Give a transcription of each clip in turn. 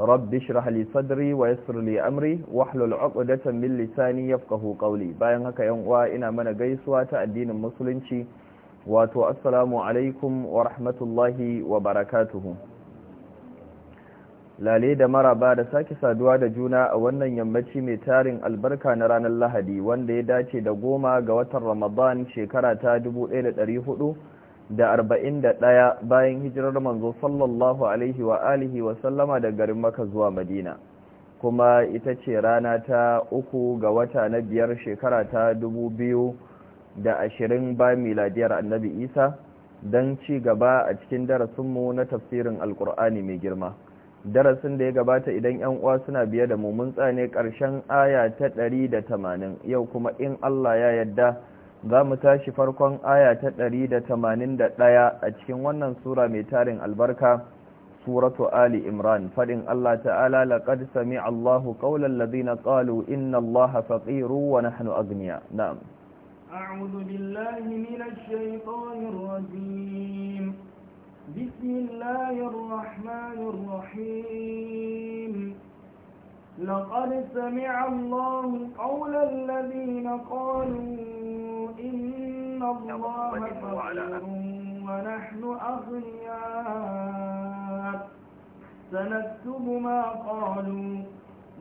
rabbi shrah li sadri wa yassir li amri wahlul 'uqdatan min lisani yafqahu qawli bayan haka yan uwa ina mana gaisuwa ta addinin musulunci wato assalamu alaikum wa rahmatullahi wa barakatuhu lale da maraba da sake saduwa da juna a wannan yammaci mai tarin albarka na ranar lahadi wanda ya dace da goma ga watan ramadan shekara ta 1400 da arba'in da ɗaya bayan hijirar manzo sallallahu alaihi wa alihi wa sallama da garin maka zuwa madina kuma ita ce rana ta uku ga wata na biyar shekara ta dubu biyu da ashirin ba miladiyar annabi isa don ci gaba a cikin darasinmu na tafsirin alkur'ani mai girma darasin da ya gabata idan yan uwa suna biye da mu mun tsane ƙarshen aya ta ɗari da tamanin yau kuma in allah ya yadda za mu tashi farkon aya ta ɗari da da ɗaya a cikin wannan sura mai tarin albarka suratu ali imran fadin Allah ta'ala laqad sami'a Allahu qawlan ladina qalu inna Allaha faqiru wa nahnu aghniya na'am a'udhu billahi minash shaitanir rajim bismillahir rahmanir rahim laqad sami'a Allahu qawlan ladina qalu إن الله فقير ونحن أغنياء سنكتب ما قالوا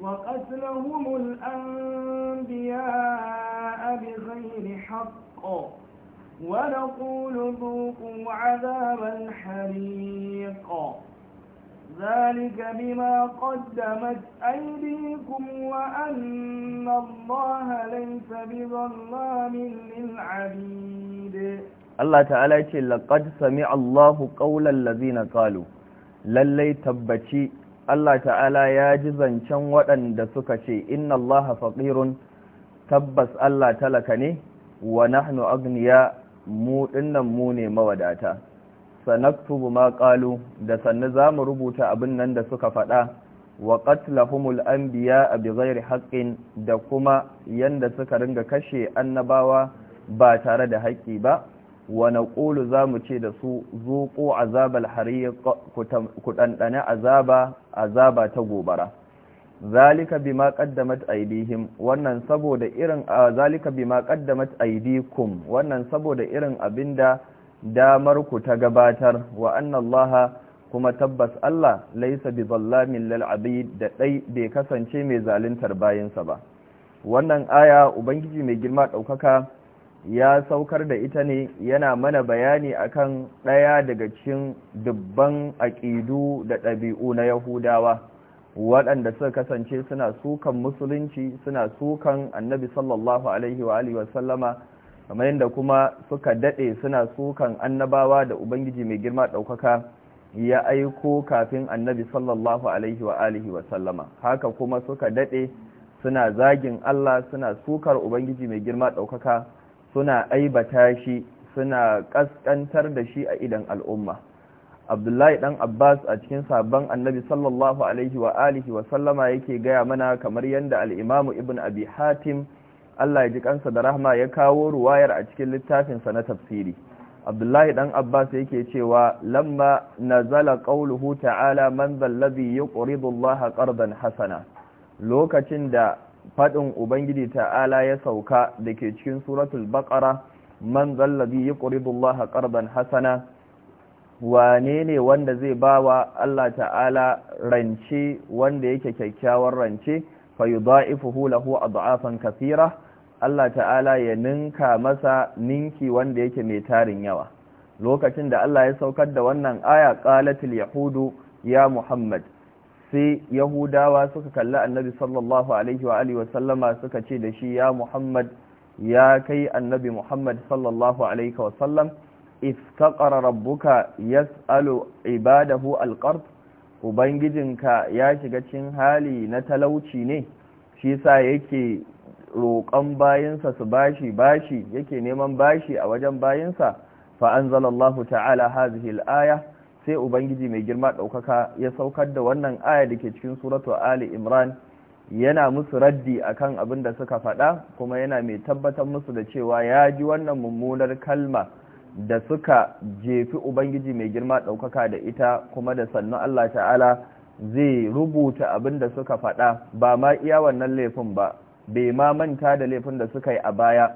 وقتلهم الأنبياء بغير حق ونقول ذوقوا عذاب الحريق ذلك بما قدمت أيديكم وأن الله ليس بظلام للعبيد Allah ta'ala ce laqad sami'a Allahu qawlan lazina qalu lallai tabbaci Allah ta'ala ya ji zancen waɗanda suka ce inna Allaha faqirun tabbas Allah talaka ne wa nahnu agniya mu mu ne mawadata sanaktubu ma qalu da sannu mu rubuta abin nan da suka faɗa wa qatlahumul anbiya bighairi haqqin da kuma yanda suka ringa kashe annabawa ba tare da haƙƙi ba wa naqulu mu ce da su zuqu azabal hariq ku dandane azaba azaba ta gobara zalika bima qaddamat aydihim wannan saboda irin zalika bima qaddamat aydikum wannan saboda irin abinda damar ku ta gabatar wa annallaha kuma tabbas Allah laisa bi zallamin lil da dai bai kasance mai zaluntar bayinsa ba wannan aya ubangiji mai girma ɗaukaka ya saukar da ita ne yana mana bayani akan ɗaya daga cikin dubban aƙidu da ɗabi'u na yahudawa waɗanda suka kasance suna sukan musulunci suna sukan annabi sallallahu alaihi wa alihi wa kamar yadda kuma suka dade suna sukan annabawa da ubangiji mai girma daukaka ya aiko kafin annabi sallallahu alaihi wa alihi wa sallama haka kuma suka dade suna zagin Allah suna sukar ubangiji mai girma daukaka suna aibata shi suna kaskantar da shi a idan al'umma abdullahi dan abbas a cikin sabon annabi sallallahu alaihi wa alihi wa sallama yake gaya mana kamar yadda al'imamu ibn abi hatim Allah ya ji kansa da rahma ya kawo ruwayar a cikin littafinsa na tafsiri Abdullahi dan Abbas yake cewa lamma nazala qauluhu ta'ala man ya yuqridu Allah qardan hasana lokacin da faɗin ubangiji ta'ala ya sauka dake cikin suratul baƙara man zallazi yuqridu Allah qardan hasana wane ne wanda zai bawa Allah ta'ala rance wanda yake kyakkyawar rance fa yudha'ifuhu lahu ad'afan kathira Allah ta'ala ya ninka masa ninki wanda yake mai tarin yawa lokacin da Allah ya saukar da wannan aya qalatil yahudu ya muhammad sai yahudawa suka kalli annabi sallallahu alaihi wa alihi suka ce da shi ya muhammad ya kai annabi muhammad sallallahu alaihi wasallam iftaqara rabbuka yas'alu ibadahu alqard ubangijinka ya shiga cikin hali na talauci ne shi sa yake roƙon bayinsa su bashi bashi yake neman bashi a wajen bayinsa fa anzalallahu ta'ala hadhihi al-aya sai ubangiji mai girma ɗaukaka ya saukar da wannan aya da ke cikin suratu ali imran yana musu raddi akan abin da suka faɗa kuma yana mai tabbatar musu da cewa ya ji wannan mummunar kalma da suka jefi ubangiji mai girma ɗaukaka da ita kuma da sannan allah ta'ala zai rubuta abin da suka faɗa ba ma iya wannan laifin ba bai ma manta da laifin da suka yi a baya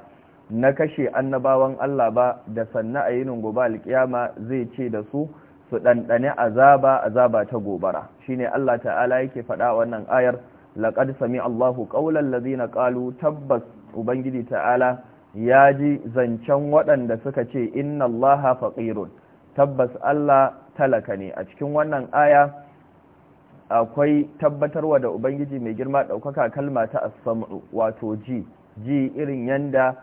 na kashe annabawan Allah ba da sanna a yinin gobe alkiyama zai ce da su su ɗanɗane azaba azaba ta gobara Shi ne Allah ta'ala yake faɗa wannan ayar laqad sami Allahu qawlan ladina Ƙalu tabbas ubangiji ta'ala ya ji zancen waɗanda suka ce inna Allaha faqirun tabbas Allah talaka ne a cikin wannan aya akwai tabbatarwa da ubangiji mai girma ɗaukaka kalma ta asamu wato ji ji irin yanda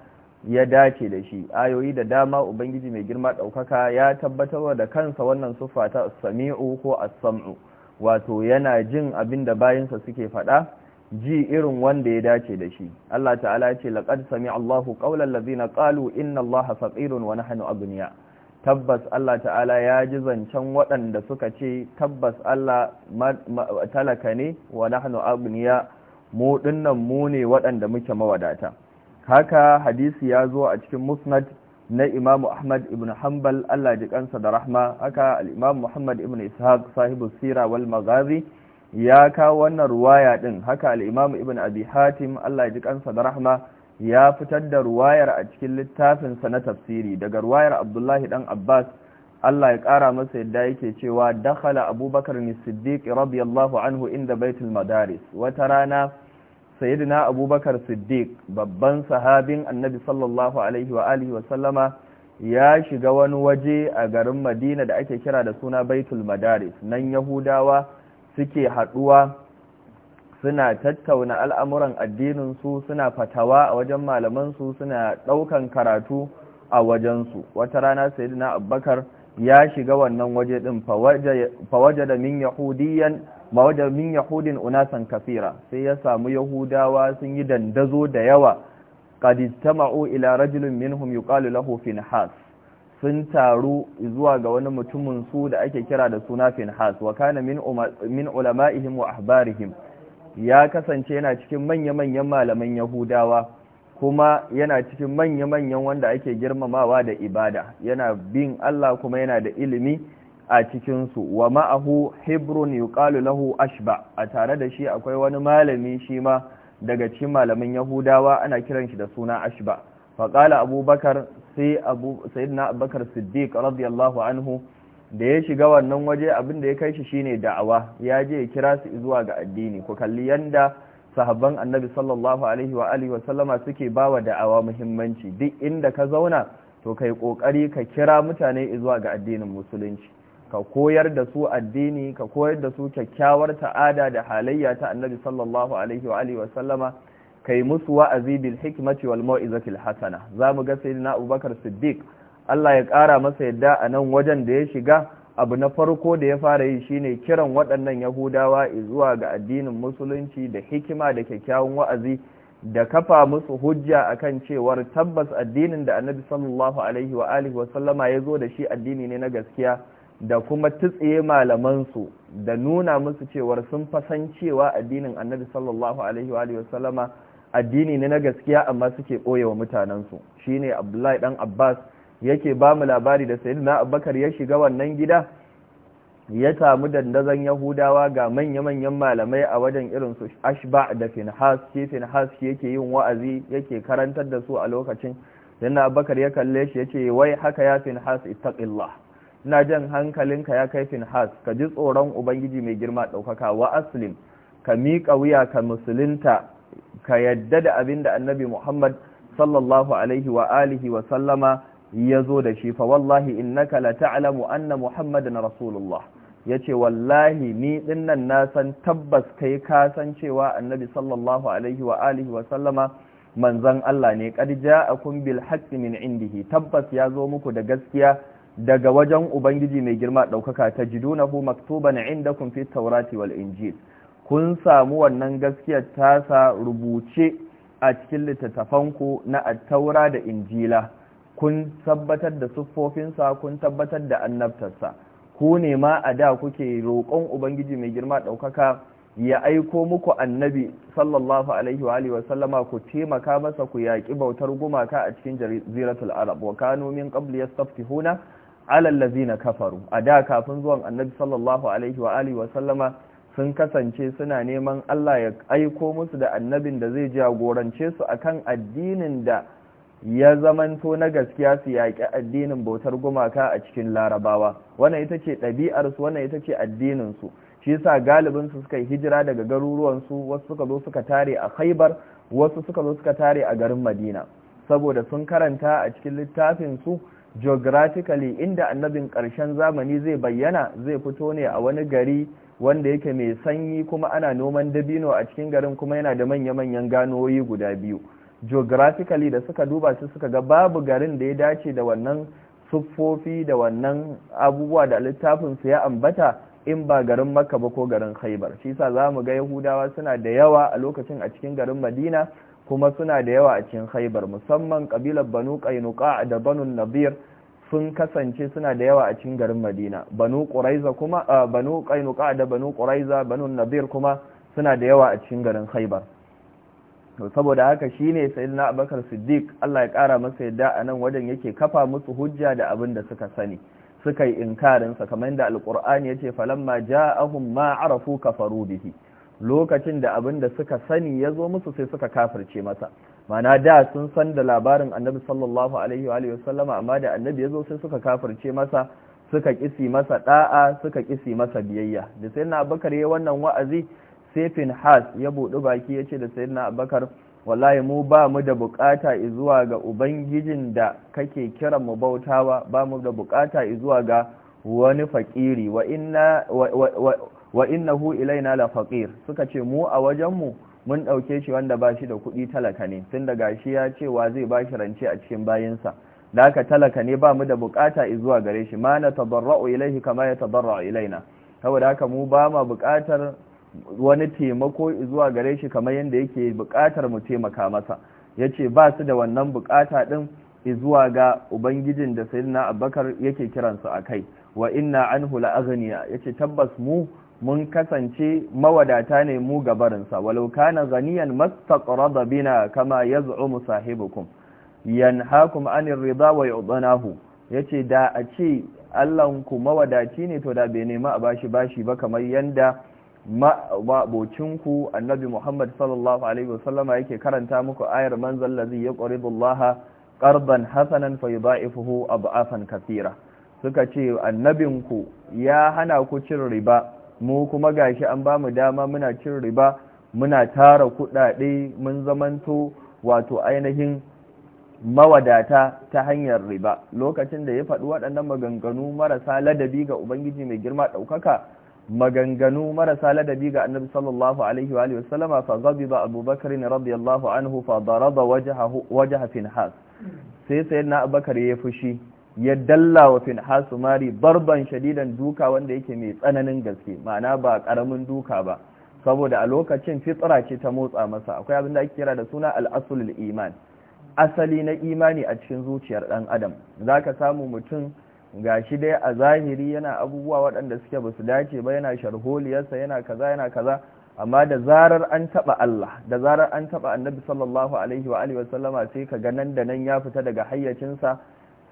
ya dace da shi ayoyi da dama ubangiji mai girma ɗaukaka ya tabbatarwa da kansa wannan siffa ta sami'u ko asamu wato yana jin abin da bayansa suke faɗa ji irin wanda ya dace da shi Allah ta'ala ya ce laqad sami'a Allahu qawlan allazina qalu inna Allaha faqirun wa nahnu abniya' tabbas Allah ta'ala ya ji zancen waɗanda suka ce tabbas Allah talaka ne wa nahnu abniya mu dinnan mu ne waɗanda muke mawadata haka hadisi ya zo a cikin musnad na imamu ahmad ibn hanbal Allah ji kansa da rahma haka al-imam muhammad ibn ishaq sahibu sira wal maghazi ya kawo wannan ruwaya din haka al-imam ibn abi hatim Allah ji kansa da rahma ya fitar da ruwayar a cikin littafinsa na tafsiri daga ruwayar abdullahi dan abbas Allah ya ƙara masa yadda yake cewa dakhala abubakar ni siddiq radiyallahu anhu inda baitul madaris wata rana sayyidina abubakar siddiq babban sahabin annabi sallallahu alaihi wa alihi wa sallama ya shiga wani waje a garin madina da ake kira da suna baitul madaris nan yahudawa suke haɗuwa suna tattauna al'amuran addininsu suna fatawa a wajen malamansu suna ɗaukan karatu a wajensu wata rana dina abubakar ya shiga wannan waje ɗin fawaje da min yahudiyan mawaje min yahudin unasan kafira sai ya samu yahudawa sun yi dandazo da yawa qadistama'u ila rajulin minhum yuqalu lahu finhas sun taru zuwa ga wani mutumin su da ake kira da suna finhas wa kana min ulama'ihim wa ahbarihim ya kasance yana cikin manya-manyan malaman yahudawa kuma yana cikin manya-manyan wanda ake girmamawa da ibada yana bin Allah kuma yana da ilimi a cikinsu wa ma'ahu hibrun yuqalu lahu ashba a tare da shi akwai wani malami shi ma daga cikin malaman yahudawa ana kiran shi da suna ashba faƙala abubakar sai abu abubakar siddiq radiyallahu anhu da ya shiga wannan waje abin da ya kai shi shine da'awa ya je ya kira su zuwa ga addini ku kalli yanda sahabban annabi sallallahu alaihi wa alihi wasallama suke bawa da'awa muhimmanci duk inda ka zauna to kai kokari ka kira mutane zuwa ga addinin musulunci ka koyar da su addini ka koyar da su kyakkyawar ta'ada da halayya ta annabi sallallahu alaihi wa alihi wasallama kai musu wa'azi bil hikmati wal al hasana zamu ga sayyidina abubakar siddiq Allah ya ƙara masa yadda a nan wajen da ya shiga abu na farko da ya fara yi shine kiran waɗannan yahudawa zuwa ga addinin musulunci da hikima da kyakkyawan wa'azi da kafa musu hujja akan cewar tabbas addinin da annabi sallallahu alaihi wa alihi wa sallama ya zo da shi addini ne na gaskiya da kuma tutsiye malamansu da nuna musu cewar sun fasancewa addinin annabi sallallahu alaihi wa alihi wa sallama addini ne na gaskiya amma suke ɓoye wa mutanensu shine abdullahi dan abbas yake ba mu labari da na abubakar ya shiga wannan gida ya tamu dandazon yahudawa ga manya-manyan malamai a wajen irin su ashba da finhas ke finhas shi yake yin wa'azi yake karantar da su a lokacin sayyidina abubakar ya kalle shi yace wai haka ya finhas ita ittaqillah na jan hankalinka ya kai finhas ka ji tsoron ubangiji mai girma ɗaukaka wa aslim ka miƙa wuya ka musulunta ka yadda da abin da annabi muhammad sallallahu alaihi wa alihi wa sallama ya zo da shi fa wallahi innaka la ta'lamu anna muhammadan rasulullah yace wallahi ni nan na san tabbas kai ka san cewa annabi sallallahu alaihi wa alihi wa sallama manzon Allah ne qad ja'akum bil haqqi min indihi tabbas ya zo muku da gaskiya daga wajen ubangiji mai girma daukaka tajidunahu maktuban indakum fi tawrati wal injil kun samu wannan gaskiyar tasa rubuce a cikin littattafanku na attaura da injila kun tabbatar da siffofinsa kun tabbatar da annabtarsa ku ne ma a da kuke roƙon ubangiji mai girma ɗaukaka ya aiko muku annabi sallallahu alaihi wa alihi wasallama ku taimaka masa ku yaƙi bautar gumaka a cikin jaziratul arab wa kanu min qabli yastaftihuna ala allazina kafaru a da kafin zuwan annabi sallallahu alaihi wa alihi wasallama sun kasance suna neman Allah ya aiko musu da annabin da zai jagorance su akan addinin da ya zamanto na gaskiya su yaƙi addinin bautar gumaka a cikin larabawa wannan ita ce ɗabi'arsu wannan ita ce addininsu shi yasa galibinsu suka hijira daga garuruwansu wasu suka zo suka tare a khaibar wasu suka zo suka tare a garin madina saboda sun karanta a cikin littafinsu geographically inda annabin ƙarshen zamani zai bayyana zai fito ne a wani gari wanda yake mai sanyi kuma ana noman dabino a cikin garin kuma yana da manya-manyan ganoyi guda biyu geographically da suka duba shi suka ga babu garin da ya dace da wannan siffofi da wannan abubuwa da littafin su ya ambata in ba garin makka ba ko garin khaibar shi yasa mu ga yahudawa suna da yawa a lokacin a cikin garin madina kuma suna da yawa a cikin khaibar musamman kabilar banu qainuqa da banu nadir sun kasance suna da yawa a cikin garin madina banu quraiza kuma ah, banu qainuqa da banu quraiza banu nadir kuma suna da yawa a cikin garin khaibar saboda haka shine sayyidina Abubakar Siddiq Allah ya kara masa yadda a nan wajen yake kafa musu hujja da abin da suka sani suka yi inkarinsa kamar yadda alqur'ani yace falamma ja'ahum ma arafu kafaru bihi lokacin da abin da suka sani ya zo musu sai suka kafirce masa mana da sun san da labarin annabi sallallahu alaihi wa alihi wasallama amma da annabi ya zo sai suka kafirce masa suka kisi masa da'a suka kisi masa biyayya da sayyidina Abubakar yayin wannan wa'azi sefin has ya buɗi baki ya ce da na Abubakar wallahi mu ba mu da bukata zuwa ga ubangijin da kake kiran mu bautawa ba mu da bukata zuwa ga wani fakiri wa inna hu ilaina la faqir suka ce mu a wajen mu mun ɗauke shi wanda ba shi da kuɗi talaka ne tun daga shi ya ce wa zai ba shi rance a cikin bayinsa da aka talaka ne ba mu da bukata izuwa gare shi ma na tabarra'u ilaihi kama ya tabarra'u ilaina saboda haka mu ba ma bukatar wani taimako zuwa gare shi kamar yadda yake bukatar mu taimaka masa ya ce ba su da wannan bukata din zuwa ga ubangijin da na abubakar yake kiransu kai wa inna hula azaniya ya ce tabbas mu mun kasance mawadata ne mu gabarinsa walau kana zaniyan mastaqrada bina kama ya yaz'umu yan hakum an riba wa ya ce da a ce Allahn mawadaci ne to da bai nema a bashi bashi ba kamar yadda mabocinku annabi Muhammad sallallahu alaihi wasallama yake karanta muku ayar man zallazi yaqridu Allah qardan hasanan abu ab'afan kathira suka ce annabinku ya hana ku cin riba mu kuma gashi an bamu dama muna cin riba muna tara kudade mun zamanto wato ainihin mawadata ta hanyar riba lokacin da ya faɗi waɗannan maganganu marasa ladabi ga ubangiji mai girma ɗaukaka maganganu marasa ladabi ga annabi sallallahu alaihi wa alihi sallama fa ghadiba abubakar radiyallahu anhu fa daraba wajhahu finhas sai na abubakar ya fushi ya dalla wa finhas mari barban shadidan duka wanda yake mai tsananin gaske ma'ana ba karamin duka ba saboda a lokacin fitra ce ta motsa masa akwai abin da ake kira da suna al-aslul iman asali na imani a cikin zuciyar dan adam zaka samu mutum Ga shi dai a zahiri yana abubuwa waɗanda suke ba su dace ba yana sharholiyarsa yana kaza yana kaza amma da zarar an taɓa Allah da zarar an taɓa annabi sallallahu alaihi wa alihi wasallama sai ka ga nan da nan ya fita daga hayyacinsa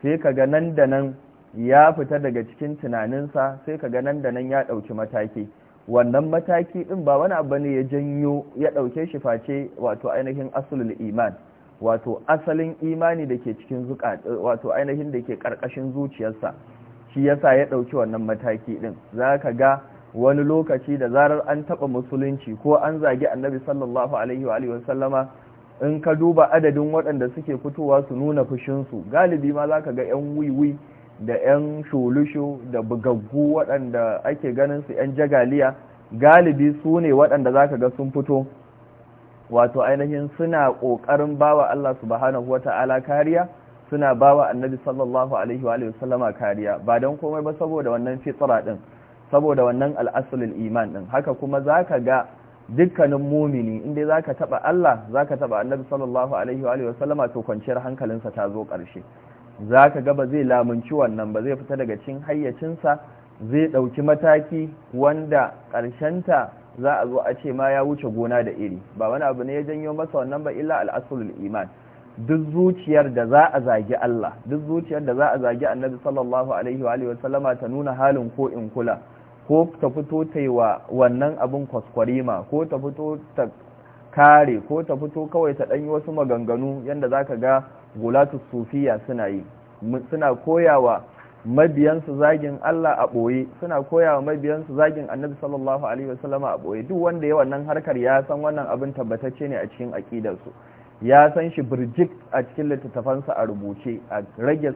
sai ka ga nan da nan ya fita daga cikin tunaninsa sai ka ga nan da nan ya ɗauki mataki wannan mataki ɗin ba wani abu ne ya janyo ya ɗauke shi face wato ainihin asulul iman wato asalin imani da ke cikin zuka wato ainihin da ke karkashin zuciyarsa shi yasa ya dauki wannan mataki din zaka ga wani lokaci da zarar an taba musulunci ko an zagi annabi sallallahu alaihi wa alihi wasallama in ka duba adadin waɗanda suke fitowa su nuna fushinsu galibi ma zaka ga yan wiwi da yan shulushu da bugaggu waɗanda ake ganin su yan jagaliya galibi su ne waɗanda zaka ga sun fito wato ainihin suna ƙoƙarin bawa Allah subhanahu wata'ala kariya suna bawa annabi sallallahu alaihi wa sallama kariya ba don komai ba saboda wannan fitra din saboda wannan al'asulul iman din haka kuma zaka ga dukkanin mumini inda zaka taba Allah zaka taba annabi sallallahu alaihi wa sallama to kwanciyar hankalinsa ta zo ƙarshe zaka ga ba zai lamunci wannan ba zai fita daga cikin sa. zai dauki mataki wanda ƙarshenta za a zo a ce ma ya wuce gona da iri ba wani abu ne ya janyo masa wannan ba illa al'asulul iman duk zuciyar da za a zagi Allah duk zuciyar da za a zagi annabi sallallahu alaihi wa alihi wasallama ta nuna halin ko in kula ko ta fito ta yi wa wannan abin kwaskwarima ko ta fito ta kare ko ta fito kawai ta ɗanyi wasu maganganu yadda za ka ga gulatu sufiya suna yi suna koyawa mabiyansu zagin Allah a ɓoye suna koyawa mabiyansu zagin annabi sallallahu alaihi wasallama a ɓoye duk wanda ya wannan harkar ya san wannan abin tabbatacce ne a cikin aƙidarsu ya san shi birjik a cikin littattafansa a rubuce a rage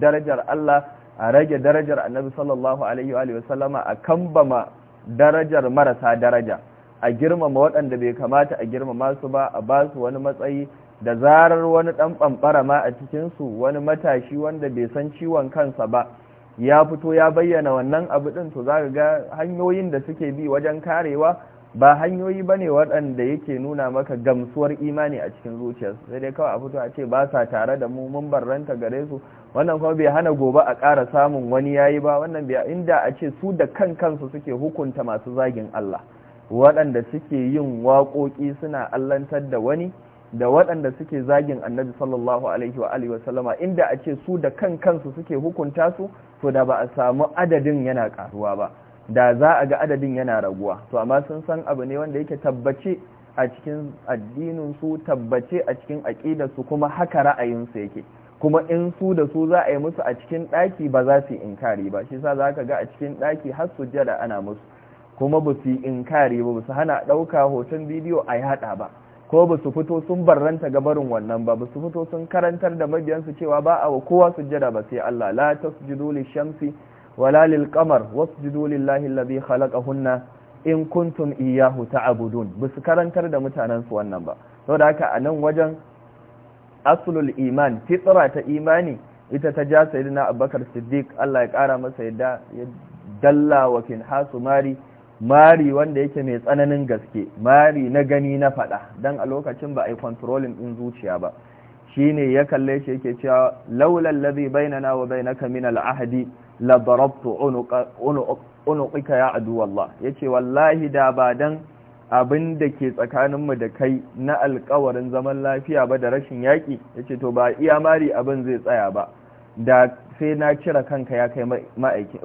darajar Allah a rage darajar annabi sallallahu alaihi wasallama a kambama darajar marasa daraja a girmama waɗanda bai kamata a girmama su ba a ba su wani matsayi da zarar wani ɗan ɓamɓara ma a cikinsu wani matashi wanda bai san ciwon kansa ba ya fito ya bayyana wannan abu ɗin to za ga hanyoyin da suke bi wajen karewa ba hanyoyi ba ne waɗanda yake nuna maka gamsuwar imani a cikin zuciyarsu sai dai kawai a fito a ce ba sa tare da mu mun ranta gare su wannan kuma bai hana gobe a ƙara samun wani yayi ba wannan bai inda a ce su da kan kansu suke hukunta masu zagin Allah waɗanda suke yin waƙoƙi suna allantar da wani da waɗanda suke zagin annabi sallallahu alaihi wa alihi wasallama inda a ce su da kan kansu suke hukunta su to da ba a samu adadin yana karuwa ba da za a ga adadin yana raguwa to amma sun san abu ne wanda yake tabbace a cikin addinin su tabbace a cikin aqidar su kuma haka ra'ayin su yake kuma in su da su za a yi musu a cikin daki ba za su inkari ba shi yasa zaka ga a cikin daki har sujjada ana musu kuma ba su inkari ba su hana dauka hoton bidiyo a yada ba ko ba su fito sun barranta gabarin wannan ba ba su fito sun karantar da mabiyansu cewa ba a wa kowa sujjada ba sai Allah la tasjudu lishamsi wala lilqamar wasjudu lillahi alladhi khalaqahunna in kuntum iyyahu ta'budun ba su karantar da mutanen su wannan ba saboda haka a nan wajen aslul iman fitra ta imani ita ta ja sayyidina abubakar siddiq Allah ya kara masa yadda ya dalla wa kin hasumari mari wanda yake mai tsananin gaske mari na gani na fada don a lokacin ba a yi kontrolin din zuciya ba shi ne ya kalle shi yake cewa laula allazi na wa ka min al'ahdi labarabtu darabtu unuqika ya adu ya yace wallahi da ba don abin da ke tsakaninmu da kai na alkawarin zaman lafiya ba da rashin yaƙi ya ce to ba iya mari abin zai tsaya ba da sai na cire kanka ya kai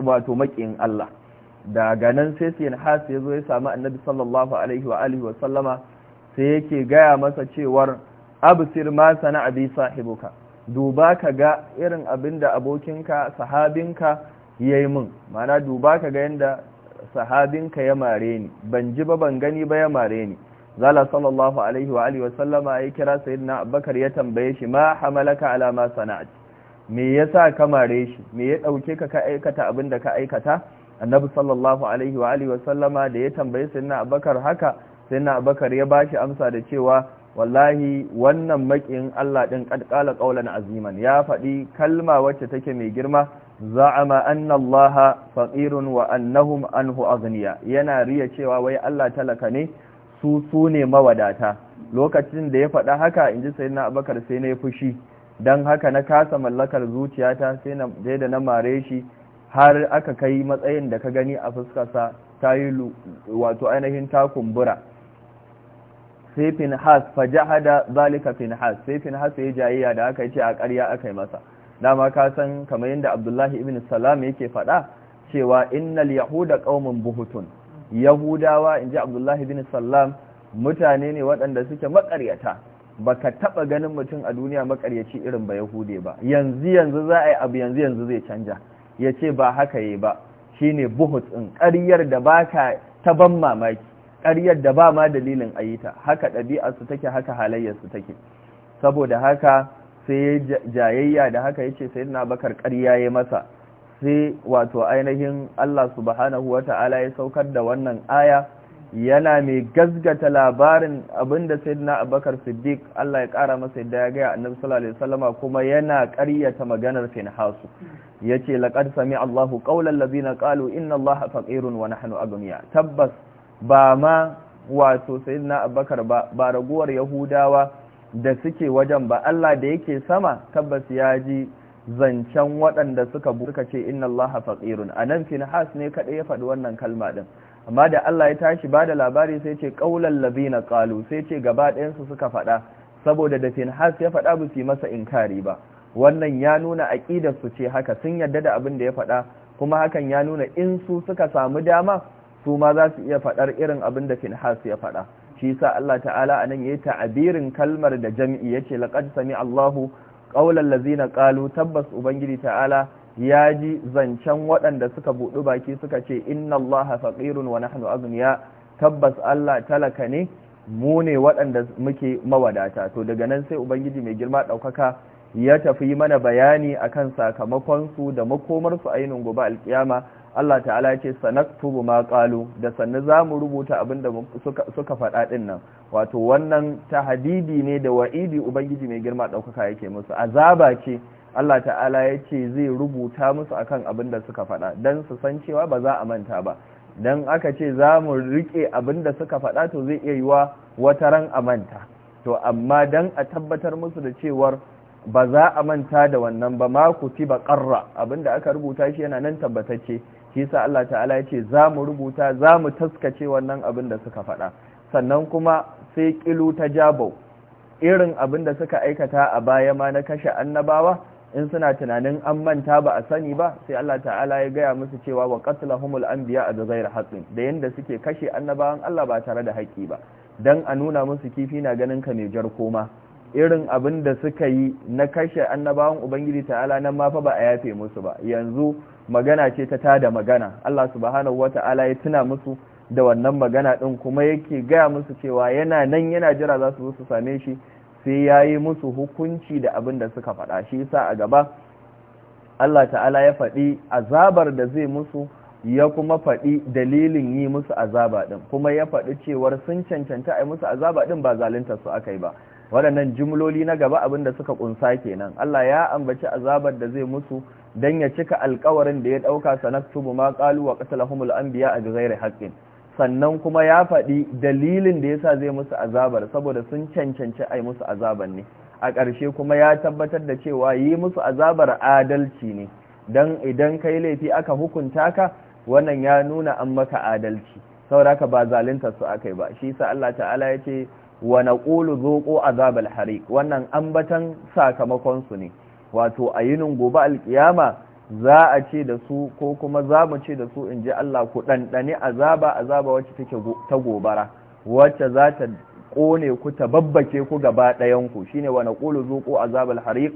wato maƙin Allah daga nan sai na hasi ya zo ya sami annabi sallallahu alaihi wa alihi wa sallama sai yake gaya masa cewar absir ma sana abi sahibuka duba ka ga irin abin da abokinka sahabinka ya yi min mana duba ka ga yadda sahabinka ya mare ni ban ji ba ban gani ba ya mare ni zala sallallahu alaihi wa alihi wa sallama ya kira sayyidina abubakar ya tambaye shi ma hamalaka ala ma sana'at me yasa ka mare shi me ya dauke ka ka aikata abin da ka aikata annabi sallallahu alaihi wa alihi wasallama da ya tambayi sayyidina Abakar haka sayyidina Abakar ya bashi amsa da cewa wallahi wannan makin Allah din qad qala aziman ya faɗi kalma wacce take mai girma za'ama anna Allah faqirun wa annahum anhu aghniya yana riya cewa wai Allah talaka ne su su ne mawadata lokacin da ya faɗi haka inji sayyidina abubakar sai na fushi dan haka na kasa mallakar zuciyata sai da na mare shi har aka kai matsayin da ka gani a fuskarsa ta yi wato ainihin ta kumbura sai finhas fajahada zalika finhas sai finhas ya jayayya da aka yi ce a karya aka yi masa dama ka san kamar yadda abdullahi ibn salam yake faɗa cewa innal yahuda qaumun buhutun yahudawa inji abdullahi ibn salam mutane ne waɗanda suke makaryata baka taba ganin mutum a duniya makaryaci irin ba yahude ba yanzu yanzu za a yi abu yanzu yanzu zai canja ya ce ba haka yi ba shi ne buhut ɗin ƙaryar da ba ka ta ban mamaki ƙaryar da ba ma dalilin a yi ta haka ɗabi'arsu take haka halayyarsu take saboda haka sai jayayya da haka ya ce sai na bakar ƙarya ya masa sai wato ainihin allah subhanahu wata'ala ya saukar da wannan aya yana mai gasgata labarin abinda sayyidina abubakar siddiq Allah ya kara masa yadda ya gaya annabi sallallahu alaihi wasallama kuma yana karyata maganar finhasu yace laqad sami Allahu qawlan ladina qalu inna Allaha faqirun wa nahnu aghniya tabbas ba ma wato sayyidina abubakar ba ba raguwar yahudawa da suke wajen ba Allah da yake sama tabbas ya ji zancen waɗanda suka buka ce inna Allaha faqirun anan finhas ne kada ya faɗi wannan kalma ɗin. amma da Allah ya tashi ba da labari sai ce ƙaular labina ƙalu sai ce gaba ɗayansu suka faɗa saboda da finhas ya faɗa ba su yi masa inkari ba wannan ya nuna aƙidarsu ce haka sun yarda da abin da ya faɗa kuma hakan ya nuna in su suka samu dama su ma za su iya faɗar irin abin da finhas ya faɗa shi sa Allah ta'ala a nan ya yi ta'abirin kalmar da jam'i ya ce laƙad sami Allahu ƙaular lazina ƙalu tabbas Ubangiji ta'ala ya ji zancen waɗanda suka buɗu baki suka ce inna allaha faqirun wa nahnu aghniya tabbas Allah talaka ne mu ne waɗanda muke mawadata to daga nan sai ubangiji mai girma ɗaukaka ya tafi mana bayani akan sakamakonsu da makomarsu a yin gobe alƙiyama. Allah ta'ala ya ce sanaktubu ma qalu da sannu zamu rubuta abin da suka faɗa din nan wato wannan ta Hadidi ne da wa'idi ubangiji mai girma ɗaukaka yake musu azaba ce Allah ta'ala ya ce zai rubuta musu akan abin da suka faɗa don su san cewa ba za a manta ba don aka ce za mu riƙe abin da suka faɗa to zai iya yi wa wata ran a manta to amma don a tabbatar musu da cewar ba za a manta da wannan ba ma ku ci ba ƙarra abin da aka rubuta shi yana nan tabbatacce shi sa Allah ta'ala ya ce za mu rubuta za mu taskace wannan abin da suka faɗa sannan kuma sai ƙilu ta jabau irin abin da suka aikata a baya ma na kashe annabawa in suna tunanin an manta ba a sani ba sai Allah ta'ala ya gaya musu cewa wa qatlahumul anbiya a ghairi haqqin da yanda suke kashe annabawan Allah ba tare da haƙi ba dan a nuna musu kifi na ganin ka ne jar koma irin abin da suka yi na kashe annabawan ubangiji ta'ala nan ma fa ba a yafe musu ba yanzu magana ce ta tada magana Allah subhanahu wata'ala ya tuna musu da wannan magana din kuma yake gaya musu cewa yana nan yana jira za su zo su same shi sai ya yi musu hukunci da abin da suka faɗa shi sa a gaba Allah ta'ala ya faɗi azabar da zai musu ya kuma faɗi dalilin yi musu azaba ɗin kuma ya faɗi cewar sun cancanta a yi musu azaba ɗin ba zaluntar su aka yi ba waɗannan jimloli na gaba abin da suka ƙunsa kenan Allah ya ambaci azabar da zai musu don ya cika alkawarin da ya ɗauka sanaktubu ma ƙalu wa ƙasalahumul biya a ghairi haƙƙin? sannan kuma ya faɗi dalilin da ya sa zai musu azabar saboda sun cancanci a yi musu azabar ne a ƙarshe kuma ya tabbatar da cewa yi musu azabar adalci ne don idan ka yi laifi aka hukunta ka wannan ya nuna an maka adalci sauraka ba zaluntar su akai ba shi sa Allah ta'ala ya ce wa naqulu zoƙo azabar hari wannan ambatan sakamakon su ne wato a yinin gobe alƙiyama. za a ce da su ko kuma za mu ce da su in ji Allah ku ɗanɗani azaba azaba wacce take ta gobara wacce za ta ƙone ku ta babbake ku gaba ɗayanku shi ne wa ƙulu zuƙo azabar harik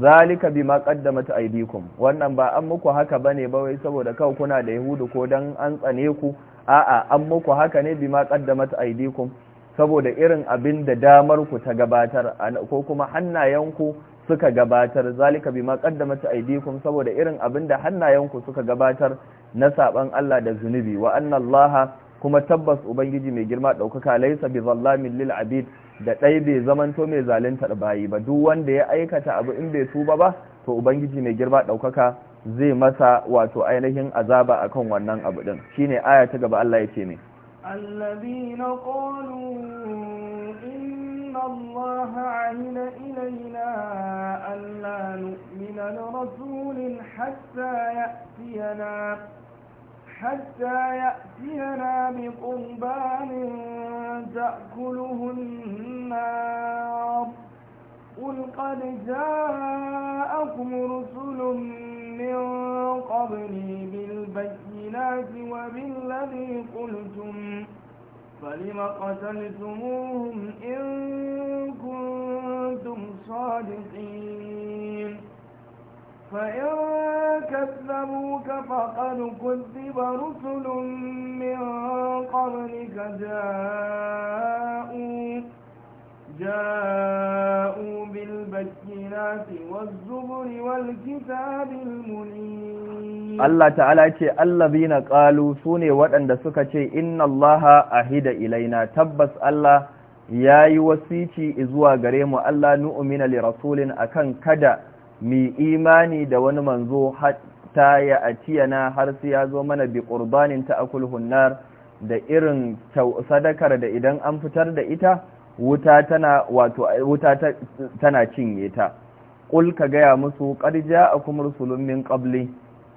zalika bi ma ƙaddama ta aibikun wannan ba an muku haka ba ne bawai saboda kawai kuna da yahudu ko don an tsane ku a'a an muku haka ne bi ma ƙaddama ta aibikun saboda irin abin da damar ku ta gabatar ko kuma hannayenku suka gabatar zalika bima qaddamat aydikum saboda irin abin da hannayenku suka gabatar na saban Allah da zunubi wa anna Allah kuma tabbas ubangiji mai girma daukaka laysa bi zallamin lil abid da dai bai zamanto mai da bayi ba duk wanda ya aikata abu in bai tuba ba to ubangiji mai girma daukaka zai masa wato ainihin azaba akan wannan abu din shine aya ta gaba Allah yake ne الذين قالوا إن الله عهد إلينا ألا نؤمن لرسول حتى يأتينا حتى يأتينا بقربان تأكله النار قل قد جاءكم رسل من قبلي بالبينات وبالذي قلتم فلم قتلتموهم إن كنتم صادقين فإن كذبوك فقد كذب رسل من قبلك جاءوا جاءوا بالبينات والزبر والكتاب المنير الله تعالى يقول الذين قالوا سوني waɗanda suka ce inna allaha ahida ilaina tabbas Allah yayi wasici zuwa gare mu Allah nu'mina li rasulin akan kada mi imani da wani manzo hatta ya atiyana har sai ya zo mana bi qurbanin ta'akulhunnar da irin sadakar da idan an fitar da ita wuta tana wato wuta tana cinye ta kul ka gaya musu qad akum rusulun min qabli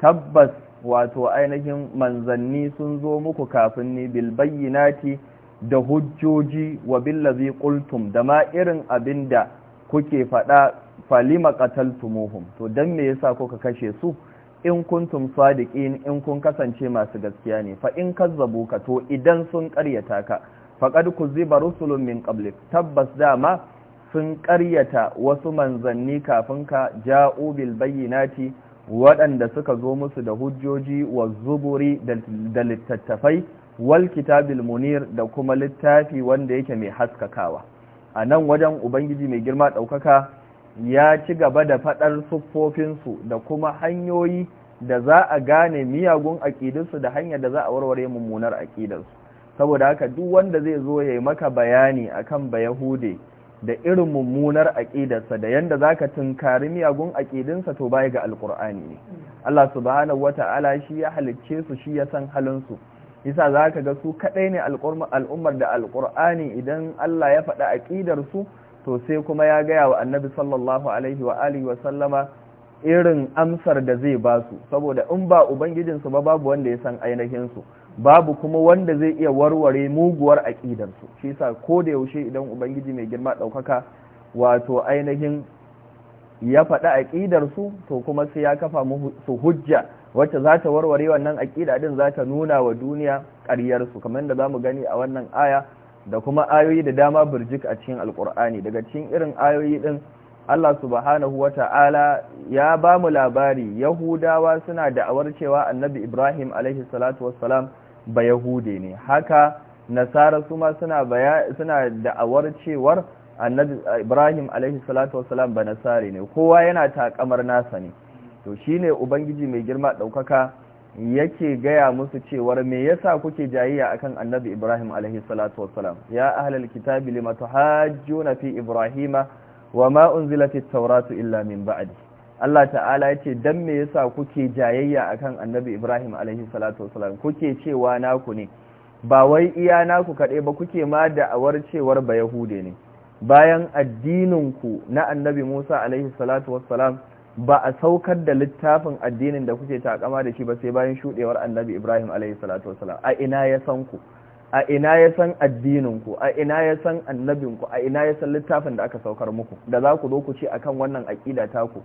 tabbas wato ainihin manzanni sun zo muku kafin ni bil bayyinati da hujjoji wa ladhi qultum da ma irin abinda kuke fada falima qataltumuhum to dan me yasa kuka kashe su in kuntum sadiqin in kun kasance masu gaskiya ne fa in kazzabuka to idan sun ƙaryata ka faqad kuziba rusulun min qablik tabbas dama sun ƙaryata wasu manzanni kafin ka ja'u bil bayyinati waɗanda suka zo musu da hujjoji wa zuburi da littattafai wal kitabil munir da kuma littafi wanda yake mai haskakawa a nan wajen ubangiji mai girma ɗaukaka ya ci gaba da faɗar siffofinsu da kuma hanyoyi da za a gane miyagun aƙidinsu da hanyar da za a warware mummunar aƙidarsu saboda haka duk wanda zai zo ya yi maka bayani akan bayahude da irin mummunar aƙidarsa da yanda zaka tunkari miyagun aƙidinsa to baya ga alƙur'ani ne Allah subhanahu ala shi ya halicce su shi ya san halin su yasa zaka ga su kaɗai ne al'ummar da alƙur'ani idan Allah ya faɗa aƙidar su to sai kuma ya gaya wa annabi sallallahu alaihi wa alihi wa sallama irin amsar da zai ba su saboda in ba ubangijinsu ba babu wanda ya san ainihinsu babu kuma wanda zai iya warware muguwar aƙidarsu shi sa ko da yaushe idan ubangiji mai girma ɗaukaka wato ainihin ya faɗi aƙidarsu to kuma sai ya kafa su hujja wacce za ta warware wannan aƙida din za ta nuna wa duniya ƙaryarsu kamar da za mu gani a wannan aya da kuma ayoyi da dama birjik a cikin alƙur'ani daga cikin irin ayoyi din Allah subhanahu wa ta'ala ya ba mu labari Yahudawa suna da'awar cewa annabi Ibrahim alaihi salatu wassalam ba yahude ne haka nasara su ma suna suna da'awar cewar annabi ibrahim alaihi salatu ba nasare ne kowa yana takamar nasa ne to shine ubangiji mai girma daukaka yake gaya musu cewar me yasa kuke jayiya akan annabi ibrahim alaihi salatu ya ahlal kitabi lima tuhajjuna fi ibrahima wama unzilatit tawratu illa min ba'di Allah ta'ala ya ce dan me yasa kuke jayayya akan annabi Ibrahim alaihi salatu wasalam kuke cewa naku ne ba wai iya naku kaɗai ba kuke ma da cewar ba Yahude ne bayan addininku na annabi Musa alaihi salatu wassalam ba a saukar da littafin addinin da kuke takama da shi ba sai bayan shuɗewar annabi Ibrahim alaihi salatu wassalam a ina ya san ku a ina ya san addininku a ina ya san annabinku a ina ya san littafin da aka saukar muku da za ku zo ku ce akan wannan aƙida taku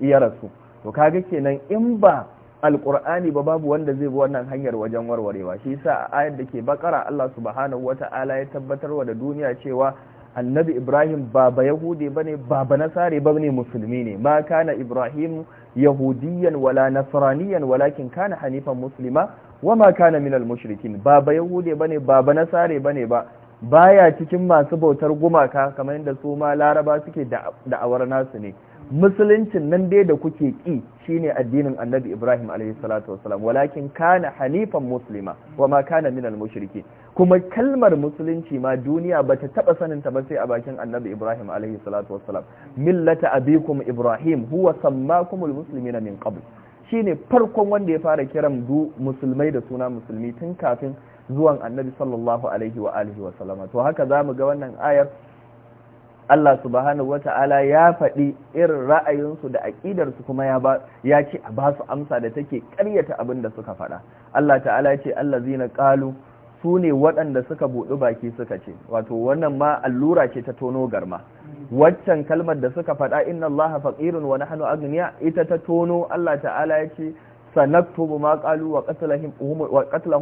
ya rasu to kaga kenan in ba alkur'ani ba babu wanda zai bi wannan hanyar wajen warwarewa shi yasa a ayar da ke bakara Allah subhanahu wata'ala ya tabbatar da duniya cewa annabi Ibrahim baba yahude bane baba nasare bane musulmi ne ma kana Ibrahim yahudiyan wala nasraniyan walakin kana hanifan muslima wama kana minal mushrikin baba yahude bane baba nasare bane ba baya cikin masu bautar gumaka kamar yadda su ma laraba suke da'awar nasu ne musuluncin nan dai da kuke ki shine addinin annabi ibrahim alaihi salatu wasalam walakin kana hanifan muslima wa ma kana minal mushriki kuma kalmar musulunci ma duniya bata ta sanin ta ba sai a bakin annabi ibrahim alaihi salatu wasalam millata abikum ibrahim huwa sammakumul muslimina min qabl shine farkon wanda ya fara kiran du musulmai da suna musulmi tun kafin zuwan annabi sallallahu alaihi wa alihi wa sallama to haka zamu ga wannan ayar Allah subhanahu wata'ala ya faɗi irin ra'ayinsu da aƙidarsu kuma ya ce a ba su amsa da take ƙaryata abin da suka faɗa Allah ta'ala ce Allah zina ƙalu su ne waɗanda suka buɗi baki suka ce wato wannan ma allura ce ta tono garma waccan kalmar da suka faɗa inna Allah faqirun wani hannu agniya ita ta tono Allah ta'ala ya ce sanaktubu ma ƙalu wa qatlahum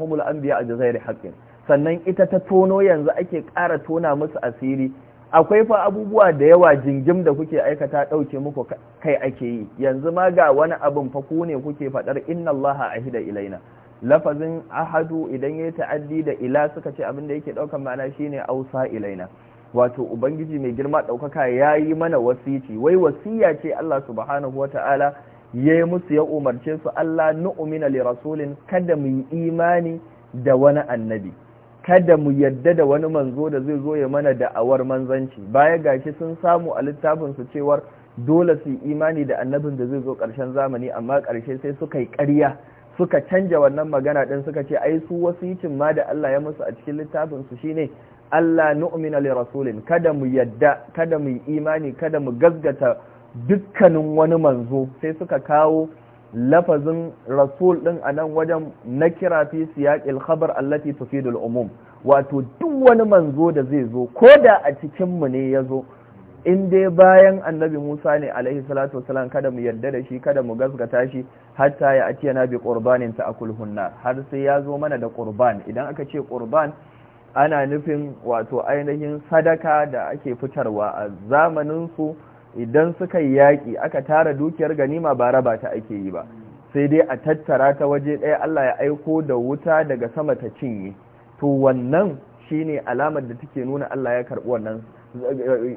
humul an biya a jazairi haƙƙin. sannan ita ta tono yanzu ake ƙara tona musu asiri akwai fa abubuwa da yawa jingim da kuke aikata ɗauke muku kai ake yi yanzu ma ga wani abin fa ku ne kuke faɗar inna allaha ahida ilaina lafazin ahadu idan ya ta'addi da ila suka ce abin da yake ɗaukar ma'ana shine ausa ilaina wato ubangiji mai girma ɗaukaka ya yi mana wasici wai wasiya ce allah subhanahu wata'ala ya yi musu ya umarce su allah nu'mina li rasulin kada mu yi imani da wani annabi kada mu yadda da wani manzo da zai zo ya mana da'awar manzanci baya gashi sun samu a littafinsu cewar dole su imani da annabin da zai zo karshen zamani amma karshe sai suka yi ƙarya suka canja wannan magana din suka ce ai su wasu yicin ma da Allah ya musu a cikin littafinsu shine Allah nu'mina li rasulin kada mu yadda kada mu imani kada mu gaggata dukkanin wani manzo sai suka kawo lafazin rasul din a nan wajen na kira fi siyaƙil khabar allati tufidul umum wato duk wani manzo da zai zo ko da a cikinmu ne ya zo in dai bayan annabi musa ne alaihi salatu wasalam kada mu yarda da shi kada mu gaskata shi hatta ya atiya na bi qurbanin ta hunna har sai ya zo mana da qurban idan aka ce qurban ana nufin wato ainihin sadaka da ake fitarwa a zamaninsu. idan suka yi yaƙi aka tara dukiyar ganima ba raba ta ake yi ba sai dai a tattara ta waje ɗaya Allah ya aiko da wuta daga sama ta cinye to wannan shine alamar da take nuna Allah ya karɓi wannan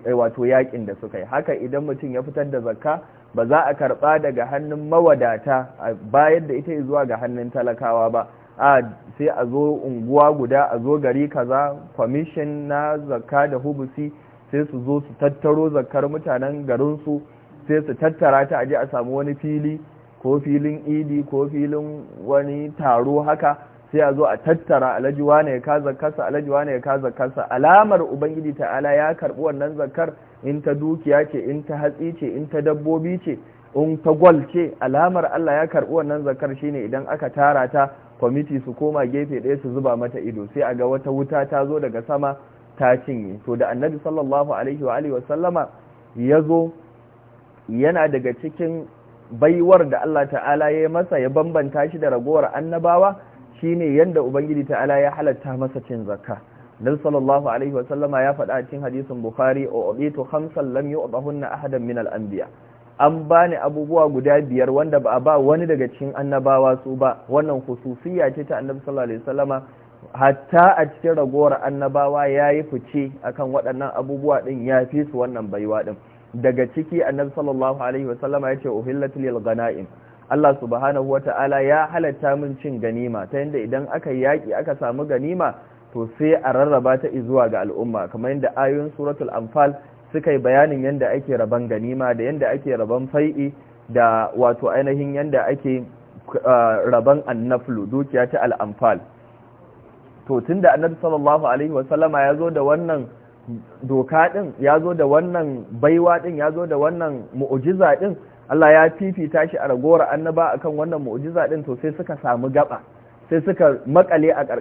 eh, wato yaƙin da suka yi haka idan mutum ya fitar da zakka ba za a karɓa daga hannun mawadata a bayar da ita zuwa ga hannun talakawa ba a sai a zo unguwa guda a zo gari kaza kwamishin na zakka da hubusi sai su zo su tattaro zakar mutanen garinsu sai su tattara ta aje a samu wani fili ko filin idi ko filin wani taro haka sai a zo a tattara alhaji wane ka zakarsa alhaji wane ka zakarsa alamar ubangiji ta'ala ya karbi wannan zakar in ta dukiya ce in ta hatsi ce in ta dabbobi ce in ta gwal ce alamar Allah ya karbi wannan zakar shine idan aka tara ta kwamiti su koma gefe ɗaya su zuba mata ido sai a ga wata wuta ta zo daga sama ta cinye to da annabi sallallahu alaihi wa alihi wasallama ya zo yana daga cikin baiwar da Allah ta'ala ya masa ya bambanta shi da ragowar annabawa shine yanda ubangiji ta'ala ya halatta masa cin zakka dan sallallahu alaihi wa sallama ya faɗa cikin hadisin bukhari o uditu khamsan lam yu'dahunna ahadan min al-anbiya an bani abubuwa guda biyar wanda ba a ba wani daga cikin annabawa su ba wannan khususiyya ce ta annabi sallallahu alaihi wa sallama hatta a cikin ragowar annabawa ya yi fice akan waɗannan abubuwa ɗin ya fi su wannan baiwa ɗin daga ciki annabi sallallahu alaihi wasallama ya ce uhillat lil ghana'im Allah subhanahu wata'ala ya halatta min cin ganima ta yanda idan aka yaki aka samu ganima to sai a rarraba ta zuwa ga al'umma kamar yanda ayoyin suratul anfal suka yi bayanin yanda ake raban ganima da yanda ake raban fai'i da wato ainihin yanda ake uh, raban annaflu dukiya ta al'anfal to tun da annabi sallallahu alaihi wasallama ya zo da wannan doka din ya zo da wannan baiwa din ya zo da wannan mu'ujiza din Allah ya fifita shi a ragowar annaba akan wannan mu'ujiza din to sai suka samu gaba sai suka makale a ta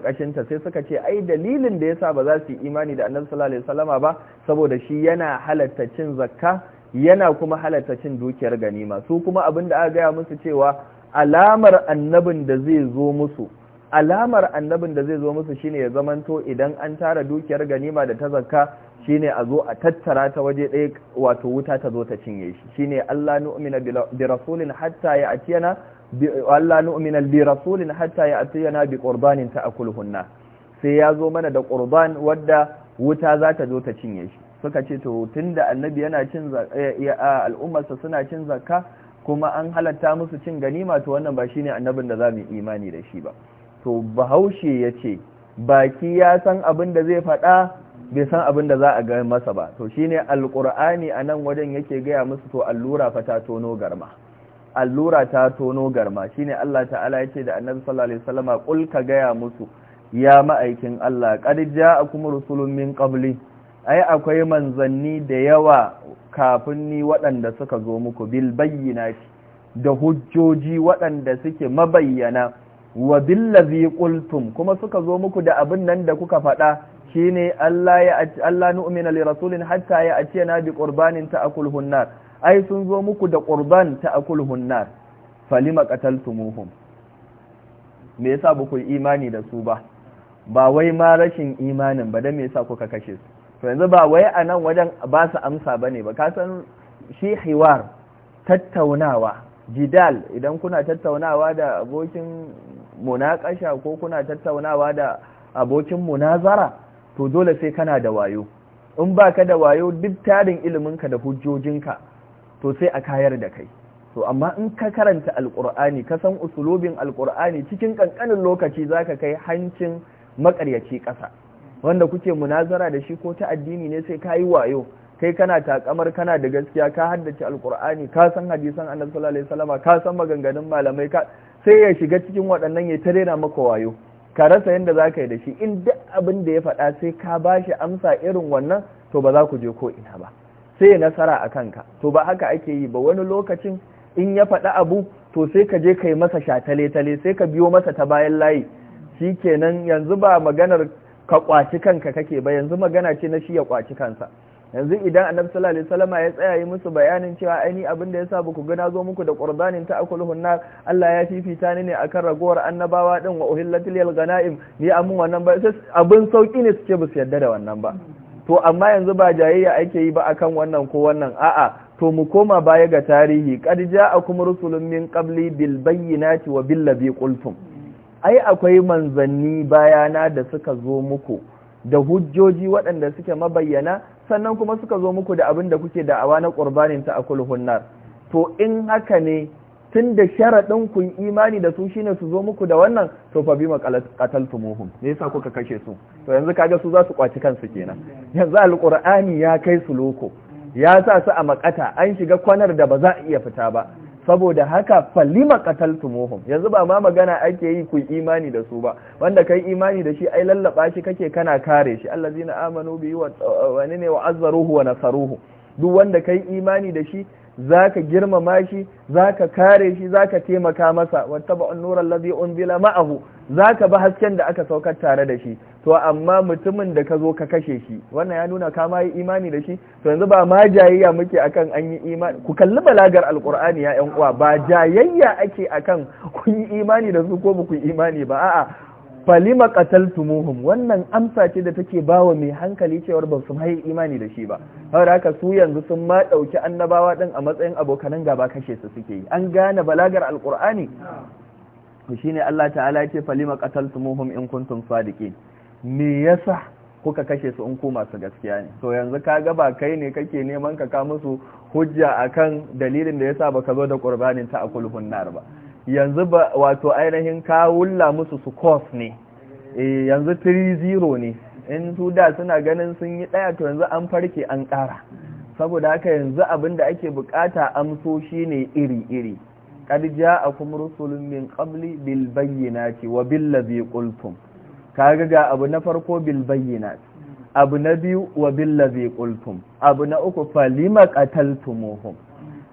sai suka ce ai dalilin da yasa ba za su yi imani da annabi sallallahu alaihi wasallama ba saboda shi yana halatta cin zakka yana kuma halatta cin dukiyar ganima su kuma abin da aka gaya musu cewa alamar annabin da zai zo musu alamar annabin da zai zo musu shine ya zamanto idan an tara dukiyar ganima da ta zakka shine a zo a tattara ta waje ɗaya wato wuta ta zo ta cinye shi shine Allah nu'mina bi rasulin hatta ya atiyana bi Allah nu'mina bi rasulin hatta ya atiyana bi qurbanin sai ya zo mana da qurban wadda wuta za ta zo ta cinye shi suka ce to tunda annabi yana cin eh, al'ummarsa suna cin zakka kuma an halatta musu cin ganima to wannan ba shine annabin da za mu imani da shi ba to bahaushe ya ce baki ya san abin da zai faɗa bai san abin da za a ga masa ba to shine alqur'ani a nan wajen yake gaya musu to allura fa ta tono garma allura ta tono garma shine Allah ta'ala yace da annabi sallallahu alaihi wasallama kul ka gaya musu ya ma'aikin Allah qad ja'akum rusulun min qabli ai akwai manzanni da yawa kafin ni waɗanda suka zo muku bil bayyinati da hujjoji waɗanda suke mabayyana wa billazi qultum kuma suka zo muku da abin nan da kuka faɗa shine Allah ya Allah nu'mina li rasulin hatta ya na bi qurbanin nar ai sun zo muku da qurban ta'kulhun nar falima qataltumuhum me yasa ba ku imani da su ba ba wai ma rashin imanin ba dan me yasa kuka kashe su to yanzu ba wai anan wajen ba su amsa bane ba ka san shi hiwar tattaunawa jidal idan kuna tattaunawa da abokin munakasha ko kuna tattaunawa da abokin munazara to dole sai kana da wayo in baka da wayo duk tarin iliminka da hujjojinka to sai a kayar da kai to amma in ka karanta alkur'ani ka san usulubin alkur'ani cikin kankanin lokaci zaka kai hancin makaryaci ƙasa wanda kuke munazara da shi ko ta addini ne sai kayi wayo kai kana takamar kana da gaskiya ka haddace alkur'ani ka san hadisan annabi sallallahu alaihi wasallam ka san maganganun malamai ka sai ya shiga cikin waɗannan ya tare na maka wayo ka rasa yadda za ka yi da shi in duk abin da ya faɗa sai ka ba shi amsa irin wannan to ba za ku je ko ina ba sai nasara a kanka to ba haka ake yi ba wani lokacin in ya faɗi abu to sai ka je ka yi masa shatale-tale sai ka biyo masa ta bayan layi shi kenan yanzu ba maganar ka kwaci kanka kake ba yanzu magana ce na shi ya kwaci kansa yanzu idan annabi sallallahu alaihi ya tsaya yi musu bayanin cewa aini abinda yasa ba ku gana zo muku da qurbanin ta'kuluhun hunna Allah ya fifita ni ne akan ragowar annabawa din wa uhillatil ganaim ni amun wannan ba abin sauki ne suke su yadda da wannan ba to amma yanzu ba jayayya ake yi ba akan wannan ko wannan a'a to mu koma baya ga tarihi qad kuma rusulun min qabli bil bayyinati wa bil ladhi qultum ai akwai manzanni bayana da suka zo muku da hujjoji waɗanda suke mabayyana sannan kuma suka zo muku da abin da kuke da'awa na qurbanin ta akul hunnar to in haka ne tun da sharaɗin kun imani da su shine su zo muku da wannan to fa bima qataltumuhum me yasa kuka kashe su to yanzu kaga su za su kwaci kansu kenan yanzu alqur'ani ya kai su loko ya sa su a makata an shiga kwanar da ba za a iya fita ba saboda haka falima qataltumuhum yanzu ba ma magana ake yi ku imani da su ba wanda kai imani da shi ai lallaba shi kake kana kare shi allazina amanu bi wa ne wa azzaruhu wa nasaruhu duk wanda kai imani da shi zaka girmama shi zaka kare shi zaka taimaka masa wattaba an-nura allazi unzila ma'ahu zaka bi hasken da aka saukar tare da shi to amma mutumin da ka zo ka kashe shi wannan ya nuna ka ma yi imani da shi to yanzu ba ma jayayya muke akan an yi imani ku kalli balagar alqur'ani ya yan uwa ba jayayya ake akan kun yi imani da su ko ba ku imani ba a'a falima qataltumuhum wannan amsa ce da take bawa mai hankali cewar ba su mai imani da shi ba har haka su yanzu sun ma dauki annabawa ɗin a matsayin abokanan gaba kashe su suke yi an gane balagar alqur'ani to shine Allah ta'ala ce falima qataltumuhum in kuntum sadiqin me yasa kuka kashe su in ku masu gaskiya ne to yanzu kaga ba kai ne kake neman ka ka musu hujja akan dalilin da yasa baka zo da qurbanin ta a nar ba yanzu ba wato ainihin ka wulla musu su kof ne eh, yanzu 3-0 ne in su da suna ganin sun yi ɗaya to yanzu an farke an ƙara saboda haka yanzu abin da ake bukata amso shi ne iri-iri kad ja'akum rusulun min qabli bil bayyinati wa bil ladhi qultum kaga ga abu na farko bil bayyinati abu na biyu wa bil ladhi qultum abu na uku falima qataltumuhum